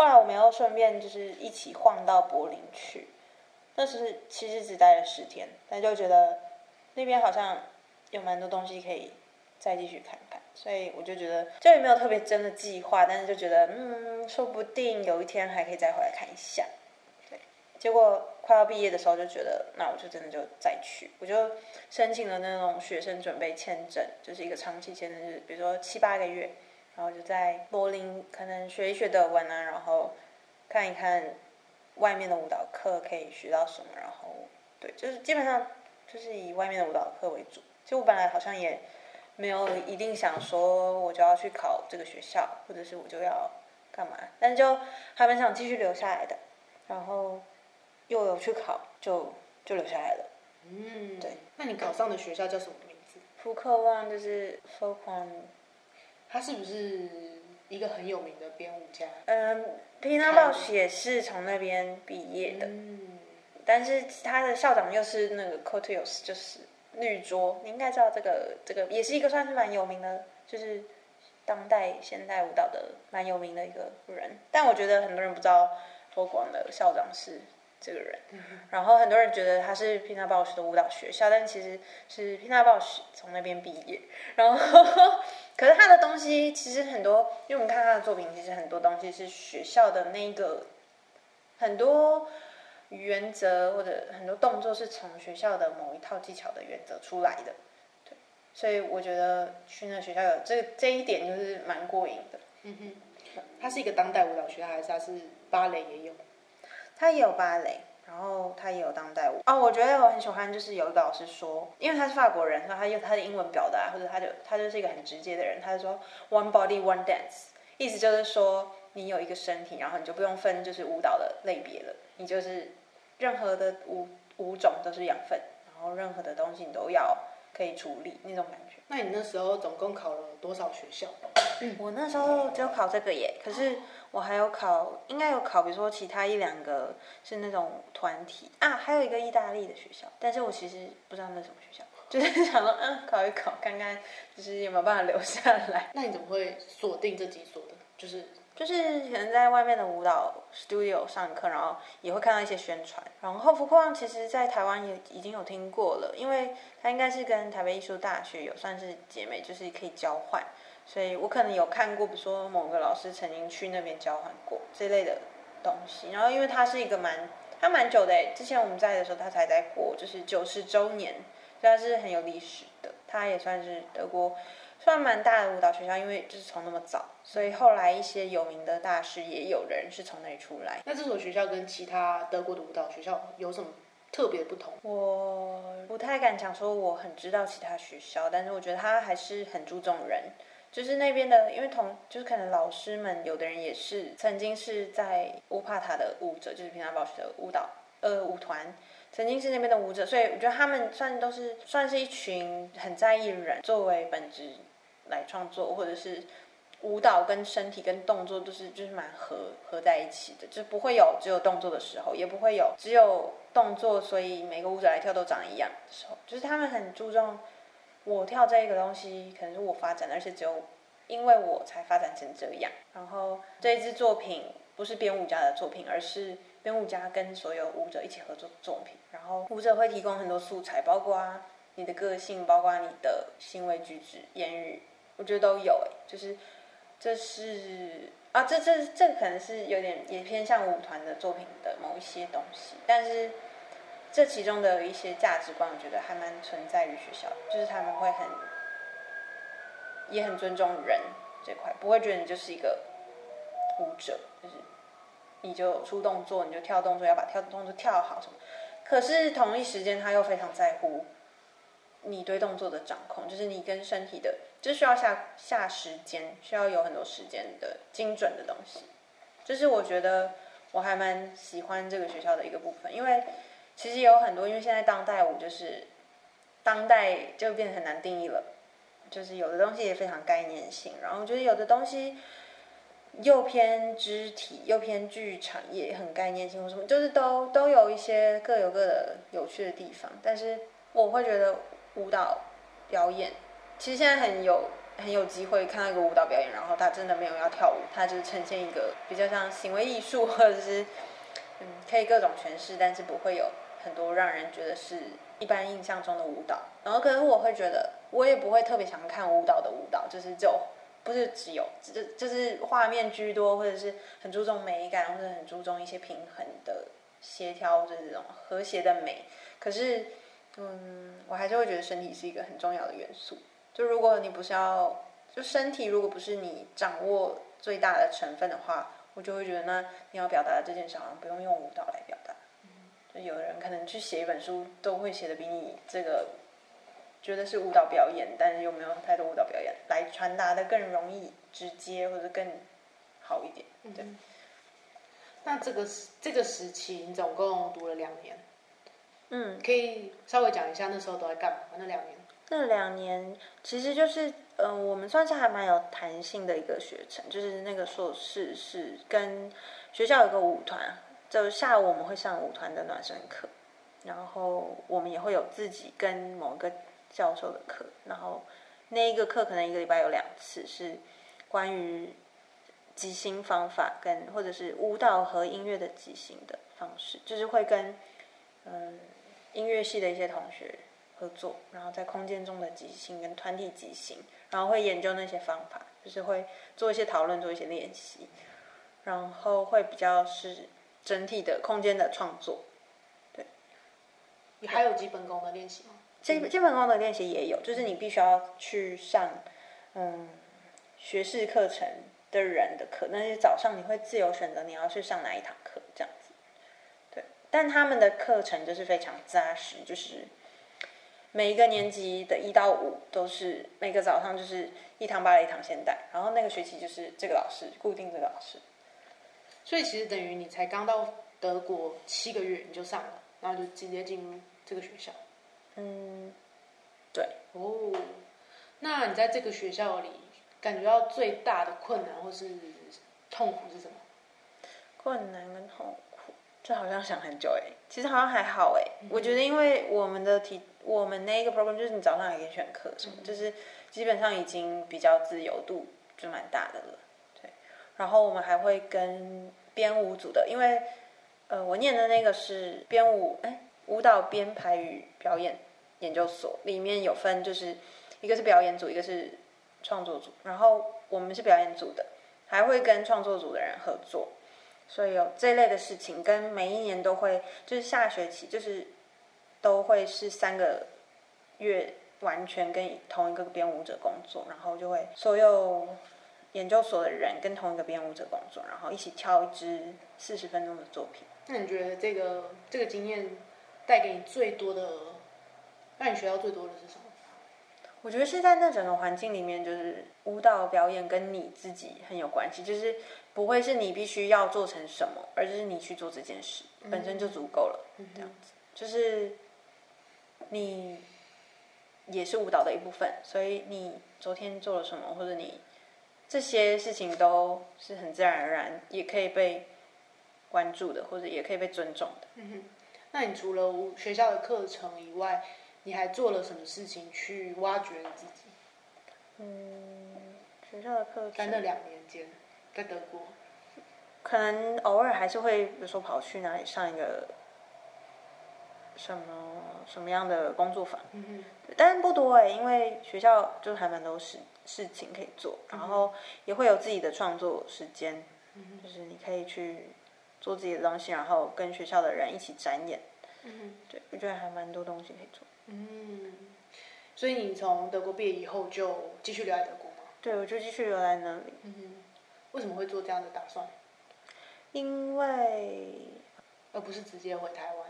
後來我們又順便就是一起晃到柏林去，那時其實只待了十天，但就覺得那邊好像有蠻多東西可以再繼續看看，所以我就覺得這裡沒有特別真的計劃，但是就覺得嗯，說不定有一天還可以再回來看一下。對，結果快要畢業的時候就覺得，那我就真的就再去，我就申請了那種學生準備簽證，就是一個長期簽證，日、就是、比如說七八個月。然後就在柏林，可能學一學德文啊，然後看一看外面的舞蹈課可以學到什麼，然後對，就是基本上就是以外面的舞蹈課為主。其實我本來好像也沒有一定想說我就要去考這個學校，或者是我就要幹嘛，但就還蠻想繼續留下來的。然後又有去考就，就就留下來了。嗯，對。那你考上的學校叫什麼名字？福克旺，就是福克旺他是不是一個很有名的編舞家？嗯，Pina Bausch 也是從那邊畢業的，嗯、但是他的校長又是那個 Kurt Jooss 就是綠桌，你應該知道這個這個也是一個算是蠻有名的，就是當代現代舞蹈的蠻有名的一個人。但我覺得很多人不知道 Folkwang 的校長是這個人，嗯、然後很多人覺得他是 Pina Bausch 的舞蹈學校，但其實是 Pina Bausch 從那邊畢業，然後。 可是他的東西其實很多，因為我們看他的作品，其實很多東西是學校的那個，很多原則或者很多動作是從學校的某一套技巧的原則出來的。對，所以我覺得去那學校有這這一點就是蠻過癮的。嗯哼，他是一個當代舞蹈學校，還是他是芭蕾也有？他也有芭蕾。然後他也有當代舞啊，哦，我覺得我很喜歡，就是有一個老師說，因為他是法國人，然後他用他的英文表達，或者他就他就是一個很直接的人，他就說 one body one dance，意思就是說你有一個身體，然後你就不用分就是舞蹈的類別了，你就是任何的舞舞種都是養分，然後任何的東西你都要。可以處理那種感覺。那你那時候總共考了多少學校？嗯，我那時候只有考這個耶，可是我還有考，應該有考，比如說其他一兩個是那種團體啊，還有一個意大利的學校，但是我其實不知道那什麼學校，就是想說嗯，考一考，看看就是有沒有辦法留下來。那你怎麼會鎖定這幾所的？就是。就是可能在外面的舞蹈 studio 上課，然後也會看到一些宣傳。然後，福克旺其實，在台灣也已經有聽過了，因為它應該是跟台北藝術大學有算是姐妹，就是可以交換。所以我可能有看過，比如說某個老師曾經去那邊交換過這類的東西。然後，因為它是一個蠻，它蠻久的誒。之前我們在的時候，它才在過，就是九十周年，所以它是很有歷史的。它也算是德國。算蠻大的舞蹈學校，因為就是從那麼早，所以後來一些有名的大師也有人是從那裡出來。那這所學校跟其他德國的舞蹈學校有什麼特別不同？我不太敢講說我很知道其他學校，但是我覺得他還是很注重人，就是那邊的，因為同就是可能老師們有的人也是曾經是在烏帕塔的舞者，就是皮娜鮑許的舞蹈，呃、舞團，曾經是那邊的舞者，所以我覺得他們算都是算是一群很在意的人作為本質來創作，或者是舞蹈跟身體跟動作都是就是蠻合合在一起的，就不會有只有動作的時候，也不會有只有動作，所以每個舞者來跳都長一樣的時候，就是他們很注重我跳這一個東西，可能是我發展，而且只有因為我才發展成這樣。然後這一支作品不是編舞家的作品，而是編舞家跟所有舞者一起合作的作品。然後舞者會提供很多素材，包括啊你的個性，包括你的行為舉止、言語。我覺得都有，哎，就是，這是啊，這這這可能是有點也偏向舞團的作品的某一些東西，但是這其中的一些價值觀，我覺得還蠻存在於學校，就是他們會很，也很尊重人這塊，不會覺得你就是一個舞者，就是你就出動作，你就跳動作，要把跳動作跳好什麼，可是同一時間他又非常在乎你對動作的掌控，就是你跟身體的。就是需要下下時間，需要有很多時間的精準的東西。這、就是我覺得我還蠻喜歡這個學校的一個部分，因為其實有很多，因為現在當代舞就是當代就變得很難定義了。就是有的東西也非常概念性，然後就是有的東西又偏肢體，又偏劇場，也很概念性，或什麼，就是都都有一些各有各的有趣的地方。但是我會覺得舞蹈表演。其實現在很有很有機會看到一個舞蹈表演，然後他真的沒有要跳舞，他就是呈現一個比較像行為藝術，或者是嗯可以各種詮釋，但是不會有很多讓人覺得是一般印象中的舞蹈。然後可是我會覺得，我也不會特別想看舞蹈的舞蹈，就是就不是只有就就是畫面居多，或者是很注重美感，或者很注重一些平衡的協調，就是這種和諧的美。可是嗯，我還是會覺得身體是一個很重要的元素。就如果你不是要，就身體如果不是你掌握最大的成分的話，我就會覺得呢，你要表達的這件事好像不用用舞蹈來表達。就有人可能去寫一本書，都會寫的比你這個覺得是舞蹈表演，但是又沒有太多舞蹈表演來傳達的更容易、直接或者更好一點。對。嗯，那這個這個時期，你總共讀了兩年。嗯。可以稍微講一下那時候都在幹嘛？那兩年。那兩年其實就是，嗯、呃，我們算是還蠻有彈性的一個學程，就是那個碩士是跟學校有個舞團，就下午我們會上舞團的暖身課，然後我們也會有自己跟某個教授的課，然後那一個課可能一個禮拜有兩次是關於即興方法跟或者是舞蹈和音樂的即興的方式，就是會跟嗯、呃、音樂系的一些同學。合作，然後在空間中的即興跟團體即興，然後會研究那些方法，就是會做一些討論，做一些練習，然後會比較是整體的空間的創作。對，你還有基本功的練習嗎？基基本功的練習也有，就是你必須要去上嗯學士課程的人的課，那些早上你會自由選擇你要去上哪一堂課這樣子。對，但他們的課程就是非常扎實，就是。每一個年級的一到五都是每個早上就是一堂芭蕾，一堂現代，然後那個學期就是這個老師，固定這個老師。所以其實等於你才剛到德國七個月你就上了，然後就直接進入這個學校。嗯，對。哦，那你在這個學校裡感覺到最大的困難或是痛苦是什麼？困難跟痛苦。好像想很久哎、欸，其實好像還好哎、欸。嗯、哼我覺得因為我們的題，我們那一個 program 就是你早上還可以選課，什麼、嗯、哼就是基本上已經比較自由度就蠻大的了。對，然後我們還會跟編舞組的，因為呃我念的那個是編舞，哎舞蹈編排與表演研究所裡面有分，就是一個是表演組，一個是創作組，然後我們是表演組的，還會跟創作組的人合作。所以有這類的事情，跟每一年都會，就是下學期就是都會是三個月，完全跟同一個編舞者工作，然後就會所有研究所的人跟同一個編舞者工作，然後一起跳一支四十分鐘的作品。那你覺得這個這個經驗帶給你最多的，讓你學到最多的是什麼？我覺得是在那整個環境裡面，就是舞蹈表演跟你自己很有關係，就是不會是你必須要做成什麼，而是你去做這件事本身就足夠了。這樣子，就是你也是舞蹈的一部分，所以你昨天做了什麼，或者你這些事情都是很自然而然，也可以被關注的，或者也可以被尊重的。嗯哼。那你除了學校的課程以外，你還做了什麼事情去挖掘你自己？嗯，學校的課程在那兩年間，在德國，可能偶爾還是會，比如說跑去哪裡上一個什麼什麼樣的工作坊，嗯哼但不多哎、欸，因為學校就是還蠻多事事情可以做，然後也會有自己的創作時間，嗯哼就是你可以去做自己的東西，然後跟學校的人一起展演，嗯哼，對，我覺得還蠻多東西可以做。嗯，所以你從德國畢業以後就繼續留在德國嗎？對，我就繼續留在那裡。嗯，為什麼會做這樣的打算？因為，而不是直接回台灣。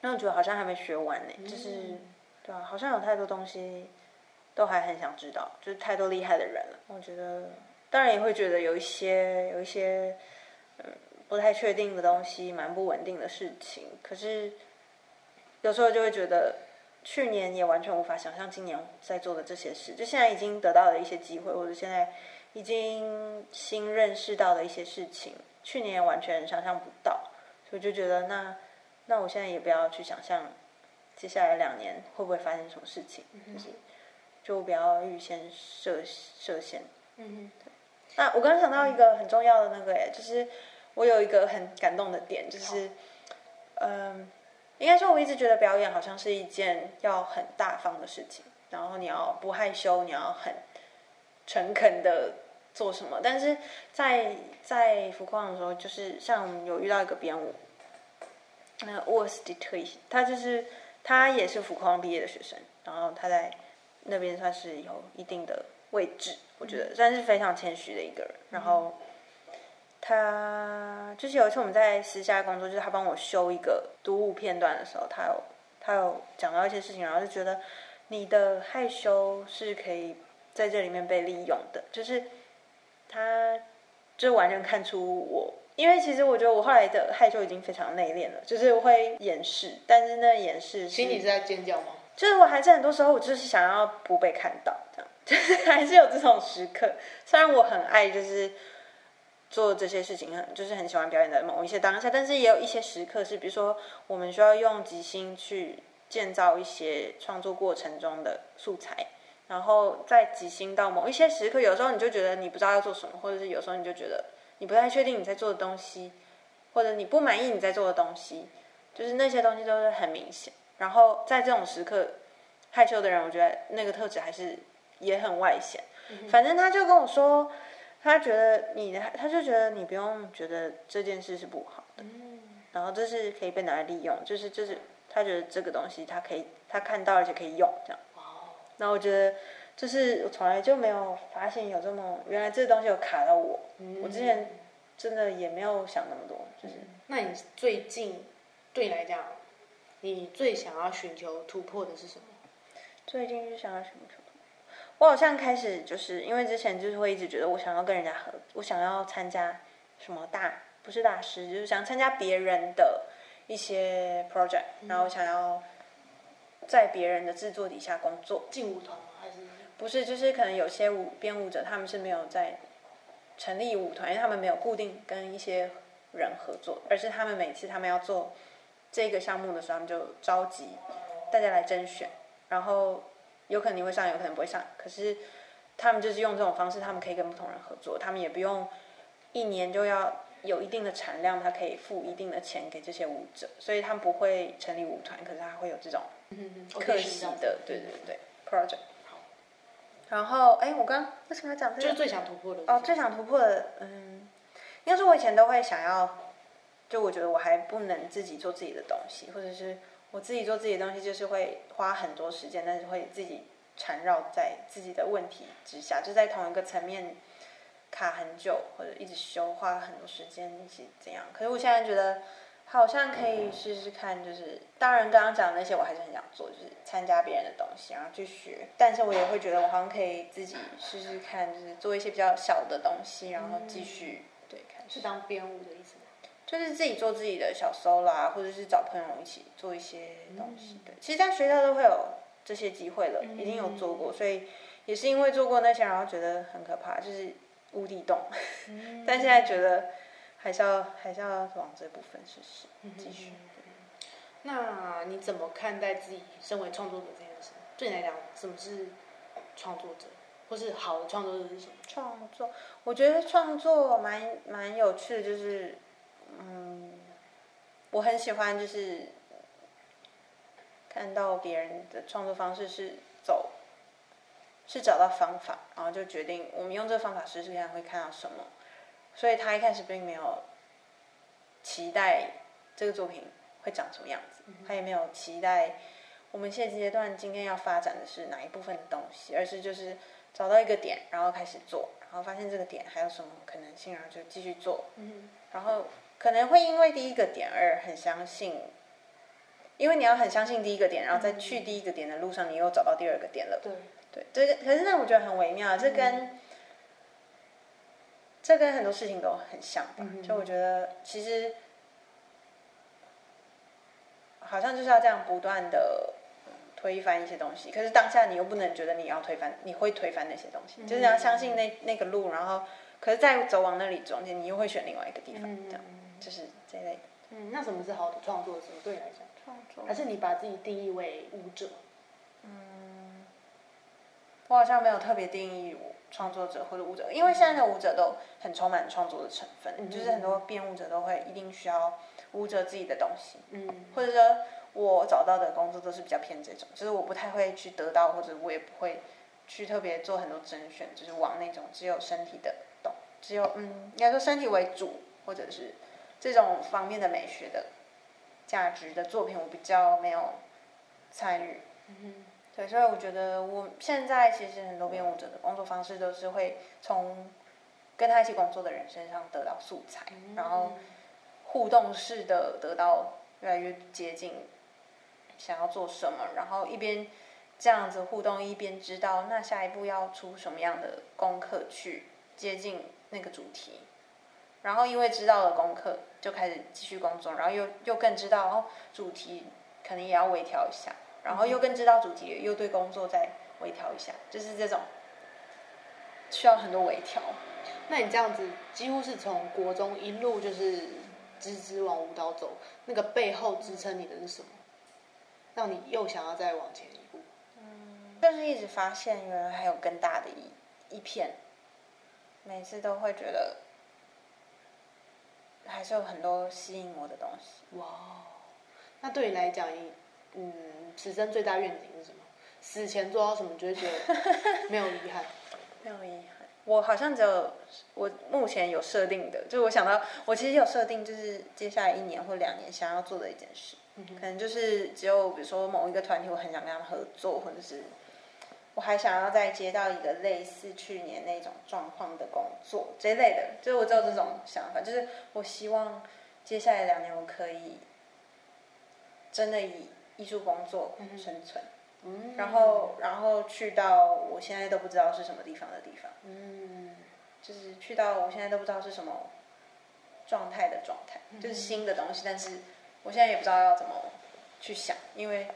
那我覺得好像還沒學完呢，就是，嗯、對啊，好像有太多東西都還很想知道，就是太多厲害的人了。我覺得，當然也會覺得有一些有一些、嗯，不太確定的東西，蠻不穩定的事情。可是，有時候就會覺得。去年也完全無法想象今年在做的這些事，就現在已經得到了一些機會，或者現在已經新認識到的一些事情，去年也完全想象不到，所以就覺得那那我現在也不要去想象接下來兩年會不會發生什麼事情，嗯、哼就是就不要預先設設限。嗯哼。那我剛剛想到一個很重要的那個哎，就是我有一個很感動的點，就是好嗯。應該說，我一直覺得表演好像是一件要很大方的事情，然後你要不害羞，你要很誠懇的做什麼。但是在在福克旺的時候，就是像有遇到一個編舞，那 Walt d i s 他就是他也是福克旺畢業的學生，然後他在那邊算是有一定的位置，嗯、我覺得算是非常謙虛的一個人，然後。嗯他就是有一次我們在私下工作，就是他幫我修一個獨舞片段的時候，他有他有講到一些事情，然後就覺得你的害羞是可以在這裡面被利用的，就是他就完全看出我，因為其實我覺得我後來的害羞已經非常內斂了，就是我會掩飾，但是那掩飾心裡是在尖叫嗎？就是我還是很多時候我就是想要不被看到，這樣就是還是有這種時刻，雖然我很愛就是。做這些事情很，就是很喜歡表演的某一些當下，但是也有一些時刻是，比如說我們需要用即興去建造一些創作過程中的素材。然後在即興到某一些時刻，有時候你就覺得你不知道要做什麼，或者是有時候你就覺得你不太確定你在做的東西，或者你不滿意你在做的東西，就是那些東西都是很明顯。然後在這種時刻，害羞的人，我覺得那個特質還是也很外顯。嗯哼。反正他就跟我說。他覺得你，他就覺得你不用覺得這件事是不好的，嗯、然後這是可以被拿來利用，就是就是他覺得這個東西他可以他看到而且可以用這樣。哦，那我覺得就是我從來就沒有發現有這麼原來這個東西有卡到我，嗯、我之前真的也沒有想那麼多。就是，那你最近對你來講，你最想要尋求突破的是什麼？最近是想要什麼？我好像開始就是因為之前就是會一直覺得我想要跟人家合，我想要參加什麼大，不是大師，就是想參加別人的一些 project、嗯、然後想要在別人的制作底下工作。進舞團嗎？還是不是？就是可能有些舞編舞者他們是沒有在成立舞團，因為他們沒有固定跟一些人合作，而是他們每次他們要做這個項目的時候，他們就召集大家來甄選，然後。有可能會上，有可能不會上。可是，他們就是用這種方式，他們可以跟不同人合作，他們也不用一年就要有一定的產量，他可以付一定的錢給這些舞者，所以他們不會成立舞團，可是他會有這種客席的，以對對對，對，project。好。然後，哎，我剛為什麼要講這個？就是最想突破的哦，最想突破的，嗯，應該是我以前都會想要，就我覺得我還不能自己做自己的東西，或者是。我自己做自己的東西，就是會花很多時間，但是會自己纏繞在自己的問題之下，就在同一個層面卡很久，或者一直修，花很多時間，一起怎樣？可是我現在覺得好像可以試試看，就是當然剛剛講的那些，我還是很想做，就是參加別人的東西，然後去學。但是我也會覺得，我好像可以自己試試看，就是做一些比較小的東西，然後繼續對看，是當編舞的意思嗎？就是自己做自己的小收啦，或者是找朋友一起做一些東西。嗯、對，其實，在學校都會有這些機會了，已經、嗯、有做過，所以也是因為做過那些，然後覺得很可怕，就是無底洞。嗯、但現在覺得還是要還是要往這部分試試繼續。那你怎麼看待自己身為創作者這件事？對你來講，什麼是創作者，或是好的創作者是什麼？創作，我覺得創作蠻蠻有趣的，就是。嗯，我很喜歡，就是看到別人的創作方式是走，是找到方法，然後就決定我們用這個方法實際上會看到什麼。所以他一開始並沒有期待這個作品會長什麼樣子，他也沒有期待我們現階段今天要發展的是哪一部分的東西，而是就是找到一個點，然後開始做，然後發現這個點還有什麼可能性，然後就繼續做，嗯，然後。可能會因為第一個點而很相信，因為你要很相信第一個點，然後在去第一個點的路上，你又找到第二個點了。對對，這個可是那我覺得很微妙，這跟這跟很多事情都很像吧？就我覺得其實好像就是要這樣不斷的推翻一些東西，可是當下你又不能覺得你要推翻，你會推翻那些東西，就是要相信那那個路，然後可是在走往那裡中間，你又會選另外一個地方這樣。就是這類的。嗯，那什麼是好的創作者？對你來講？創作？還是你把自己定義為舞者？嗯，我好像沒有特別定義我創作者或者舞者，因為現在的舞者都很充滿創作的成分。嗯，就是很多編舞者都會一定需要舞者自己的東西。嗯，或者說，我找到的工作都是比較偏這種，就是我不太會去得到，或者我也不會去特別做很多甄選，就是往那種只有身體的動，只有嗯，應該說身體為主，或者是。這種方面的美學的價值的作品，我比較沒有參與。嗯，對，所以我覺得我現在其實很多編舞者的工作方式都是會從跟他一起工作的人身上得到素材，然後互動式的得到越來越接近想要做什麼，然後一邊這樣子互動，一邊知道那下一步要出什麼樣的功課去接近那個主題，然後因為知道了功課，就開始繼續工作，然後又又更知道哦，主題可能也要微調一下，然後又更知道主題，又對工作再微調一下，就是這種需要很多微調。那你這樣子幾乎是從國中一路就是直直往舞蹈走，那個背後支撐你的是什麼？嗯，讓你又想要再往前一步？嗯，但是一直發現原來還有更大的一一片，每次都會覺得。還是有很多吸引我的東西。哇、哦，那對你來講，你嗯，此生最大願景是什麼？死前做到什麼，就覺得沒有遺憾，沒有遺憾。我好像只有我目前有設定的，就是我想到，我其實有設定，就是接下來一年或兩年想要做的一件事，嗯、哼可能就是只有比如說某一個團體，我很想跟他們合作，或者是。我還想要再接到一個類似去年那種狀況的工作這類的，就是我只有這種想法，就是我希望接下來兩年我可以真的以藝術工作生存，嗯、哼然後然後去到我現在都不知道是什麼地方的地方，嗯、哼就是去到我現在都不知道是什麼狀態的狀態，就是新的東西，嗯、哼但是我現在也不知道要怎麼去想，因為。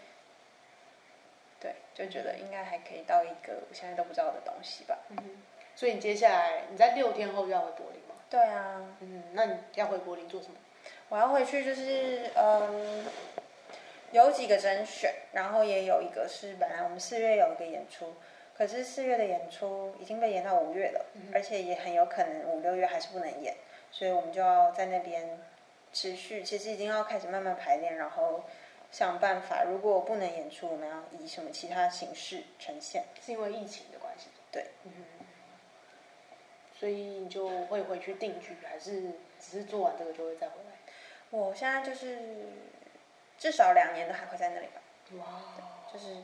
對，就覺得應該還可以到一個我現在都不知道的東西吧。嗯哼。所以你接下來你在六天後又要回柏林嗎？對啊。嗯，那你要回柏林做什麼？我要回去就是嗯、呃，有幾個甄選，然後也有一個是本來我們四月有一個演出，可是四月的演出已經被延到五月了，嗯、哼而且也很有可能五六月還是不能演，所以我們就要在那邊持續，其實已經要開始慢慢排練，然後。想辦法。如果不能演出，我們要以什麼其他形式呈現？是因為疫情的關係。對。嗯。所以你就會回去定居，還是只是做完這個就會再回來？我現在就是至少兩年都還會在那裡吧。哇 Wow。對，就是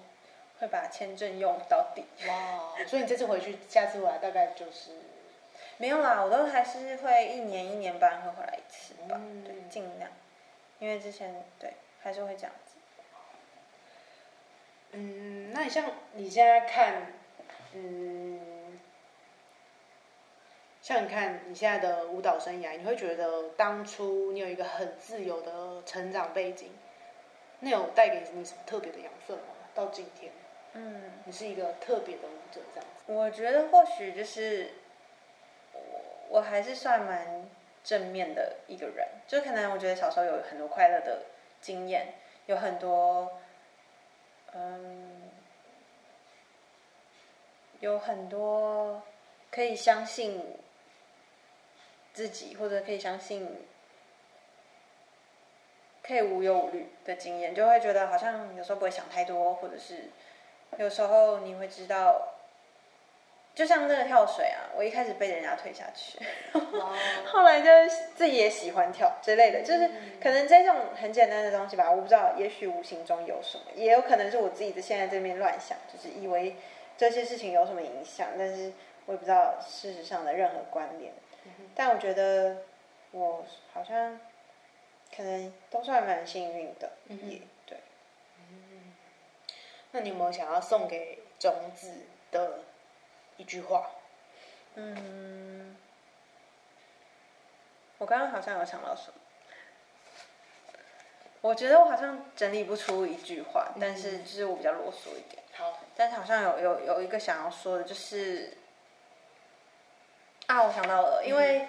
會把簽證用到底。哇、wow。所以你這次回去， 下次回來大概就是沒有啦。我都還是會一年一年半會回來一次吧，嗯、對，盡量。因為之前對。還是會這樣子。嗯，那你像你現在看，嗯，像你看你現在的舞蹈生涯，你會覺得當初你有一個很自由的成長背景，那有帶給你什麼特別的養分嗎？到今天，嗯，你是一個特別的舞者，這樣子。我覺得或許就是，我我還是算蠻正面的一個人，就可能我覺得小時候有很多快樂的經驗有很多，嗯，有很多可以相信自己，或者可以相信，可以無憂無慮的經驗，就會覺得好像有時候不會想太多，或者是有時候你會知道。就像那個跳水啊，我一開始被人家推下去，呵呵 Wow. 後來就自己也喜歡跳之類的，就是可能這種很簡單的東西吧，我不知道，也許無形中有什麼，也有可能是我自己的現在這邊亂想，就是以為這些事情有什麼影響，但是我也不知道事實上的任何關聯。嗯、哼但我覺得我好像可能都算蠻幸運的，也、嗯、哼對。嗯，那你有沒有想要送給種子的？一句話，嗯，我剛剛好像有想到什麼，我覺得我好像整理不出一句話，但是就是我比較囉嗦一點。嗯、好，但是好像有有有一個想要說的，就是啊，我想到了，因為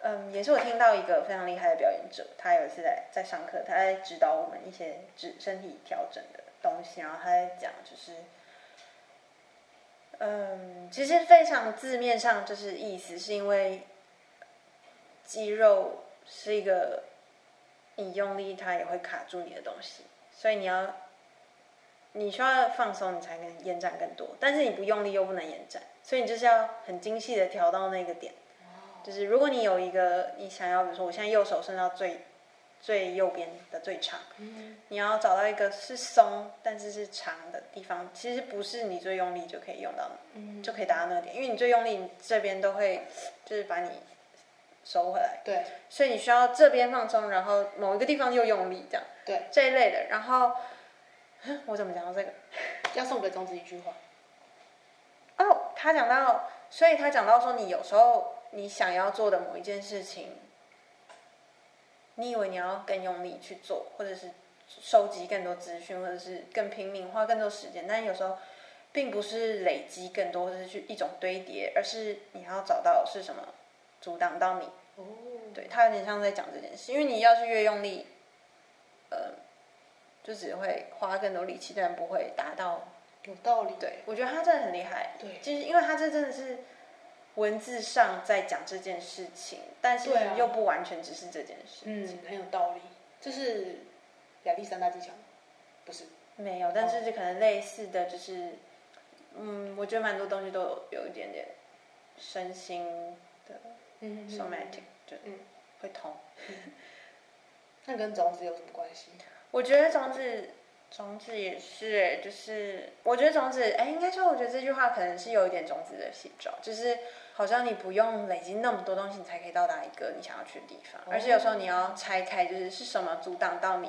嗯，嗯，也是我聽到一個非常厲害的表演者，他有一次在在上課，他在指導我們一些指身體調整的東西，然後他在講就是。嗯，其實非常字面上就是意思，是因為肌肉是一個你用力它也會卡住你的東西，所以你要你需要放鬆你才能延展更多，但是你不用力又不能延展，所以你就是要很精細的調到那個點，就是如果你有一個你想要，比如說我現在右手伸到最。最右邊的最長，嗯、哼你要找到一個是鬆但是是長的地方，其實不是你最用力就可以用到，嗯、哼就可以達到那個點，因為你最用力，你這邊都會就是把你收回來，對，所以你需要這邊放鬆，然後某一個地方又用力，這樣，對，這一類的，然後我怎麼講到這個？要送給種籽一句話。哦，oh, 他講到，所以他講到說，你有時候你想要做的某一件事情。你以為你要更用力去做，或者是收集更多資訊，或者是更拼命花更多時間，但有時候並不是累積更多，或者是去一種堆疊，而是你要找到是什麼阻擋到你。哦，對，他有點像在講這件事，因為你要是越用力，呃，就只會花更多力氣，但不會達到。有道理。對，我覺得他真的很厲害。對，其實因為他這真的是。文字上在講這件事情，但是又不完全只是這件事情，啊。嗯，很有道理。這是亞歷山大技巧？不是，沒有。但是可能類似的就是，哦，嗯，我覺得蠻多東西都有，有一點點身心的，嗯，somatic，嗯。會痛。 那跟種子有什麼關係？我覺得種子，種子也是，就是我覺得種子，哎，應該說，我覺得這句話可能是有一點種子的形狀，就是。好像你不用累積那麼多東西，你才可以到達一個你想要去的地方。哦、而且有時候你要拆開，就是是什麼阻擋到你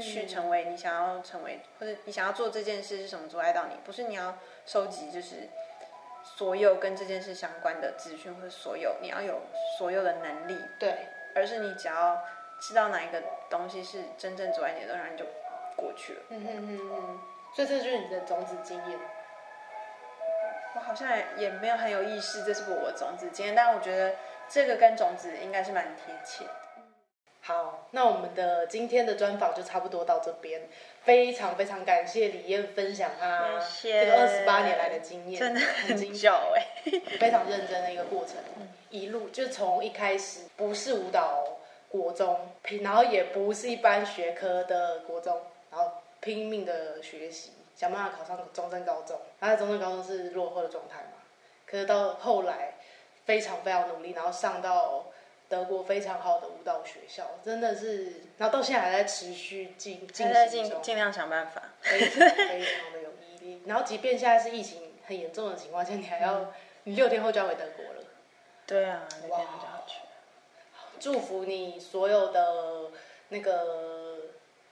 去成為、嗯、你想要成為，或者你想要做這件事是什麼阻礙到你？不是你要收集就是所有跟這件事相關的資訊，或者所有你要有所有的能力。對，而是你只要知道哪一個東西是真正阻礙你的東西，然後你就過去了。嗯嗯嗯嗯，所以這就是你的種籽經驗。我好像也也沒有很有意思，這是我的種子今天，但我覺得這個跟種子應該是蠻貼切。好，那我們的今天的專訪就差不多到這邊，非常非常感謝李彥分享她這個二十八年來的經驗，真的很久哎、欸，非常認真的一個過程，一路就從一開始不是舞蹈國中，然後也不是一般學科的國中，然後拼命的學習。想辦法考上中正高中，他在中正高中是落後的狀態嘛？可是到後來非常非常努力，然後上到德國非常好的舞蹈學校，真的是，然後到現在還在持續進進行中，盡量想辦法，非常的有毅力。 然後即便現在是疫情很嚴重的情況下，你還要你六天後就要回德國了，對啊，六天後就要去，wow, 祝福你所有的那個。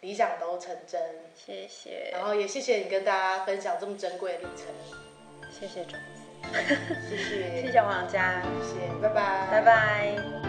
理想都成真，謝謝。然後也謝謝你跟大家分享這麼珍貴的歷程，謝謝種籽， 謝謝， 謝謝黃迦謝謝，拜拜，拜拜。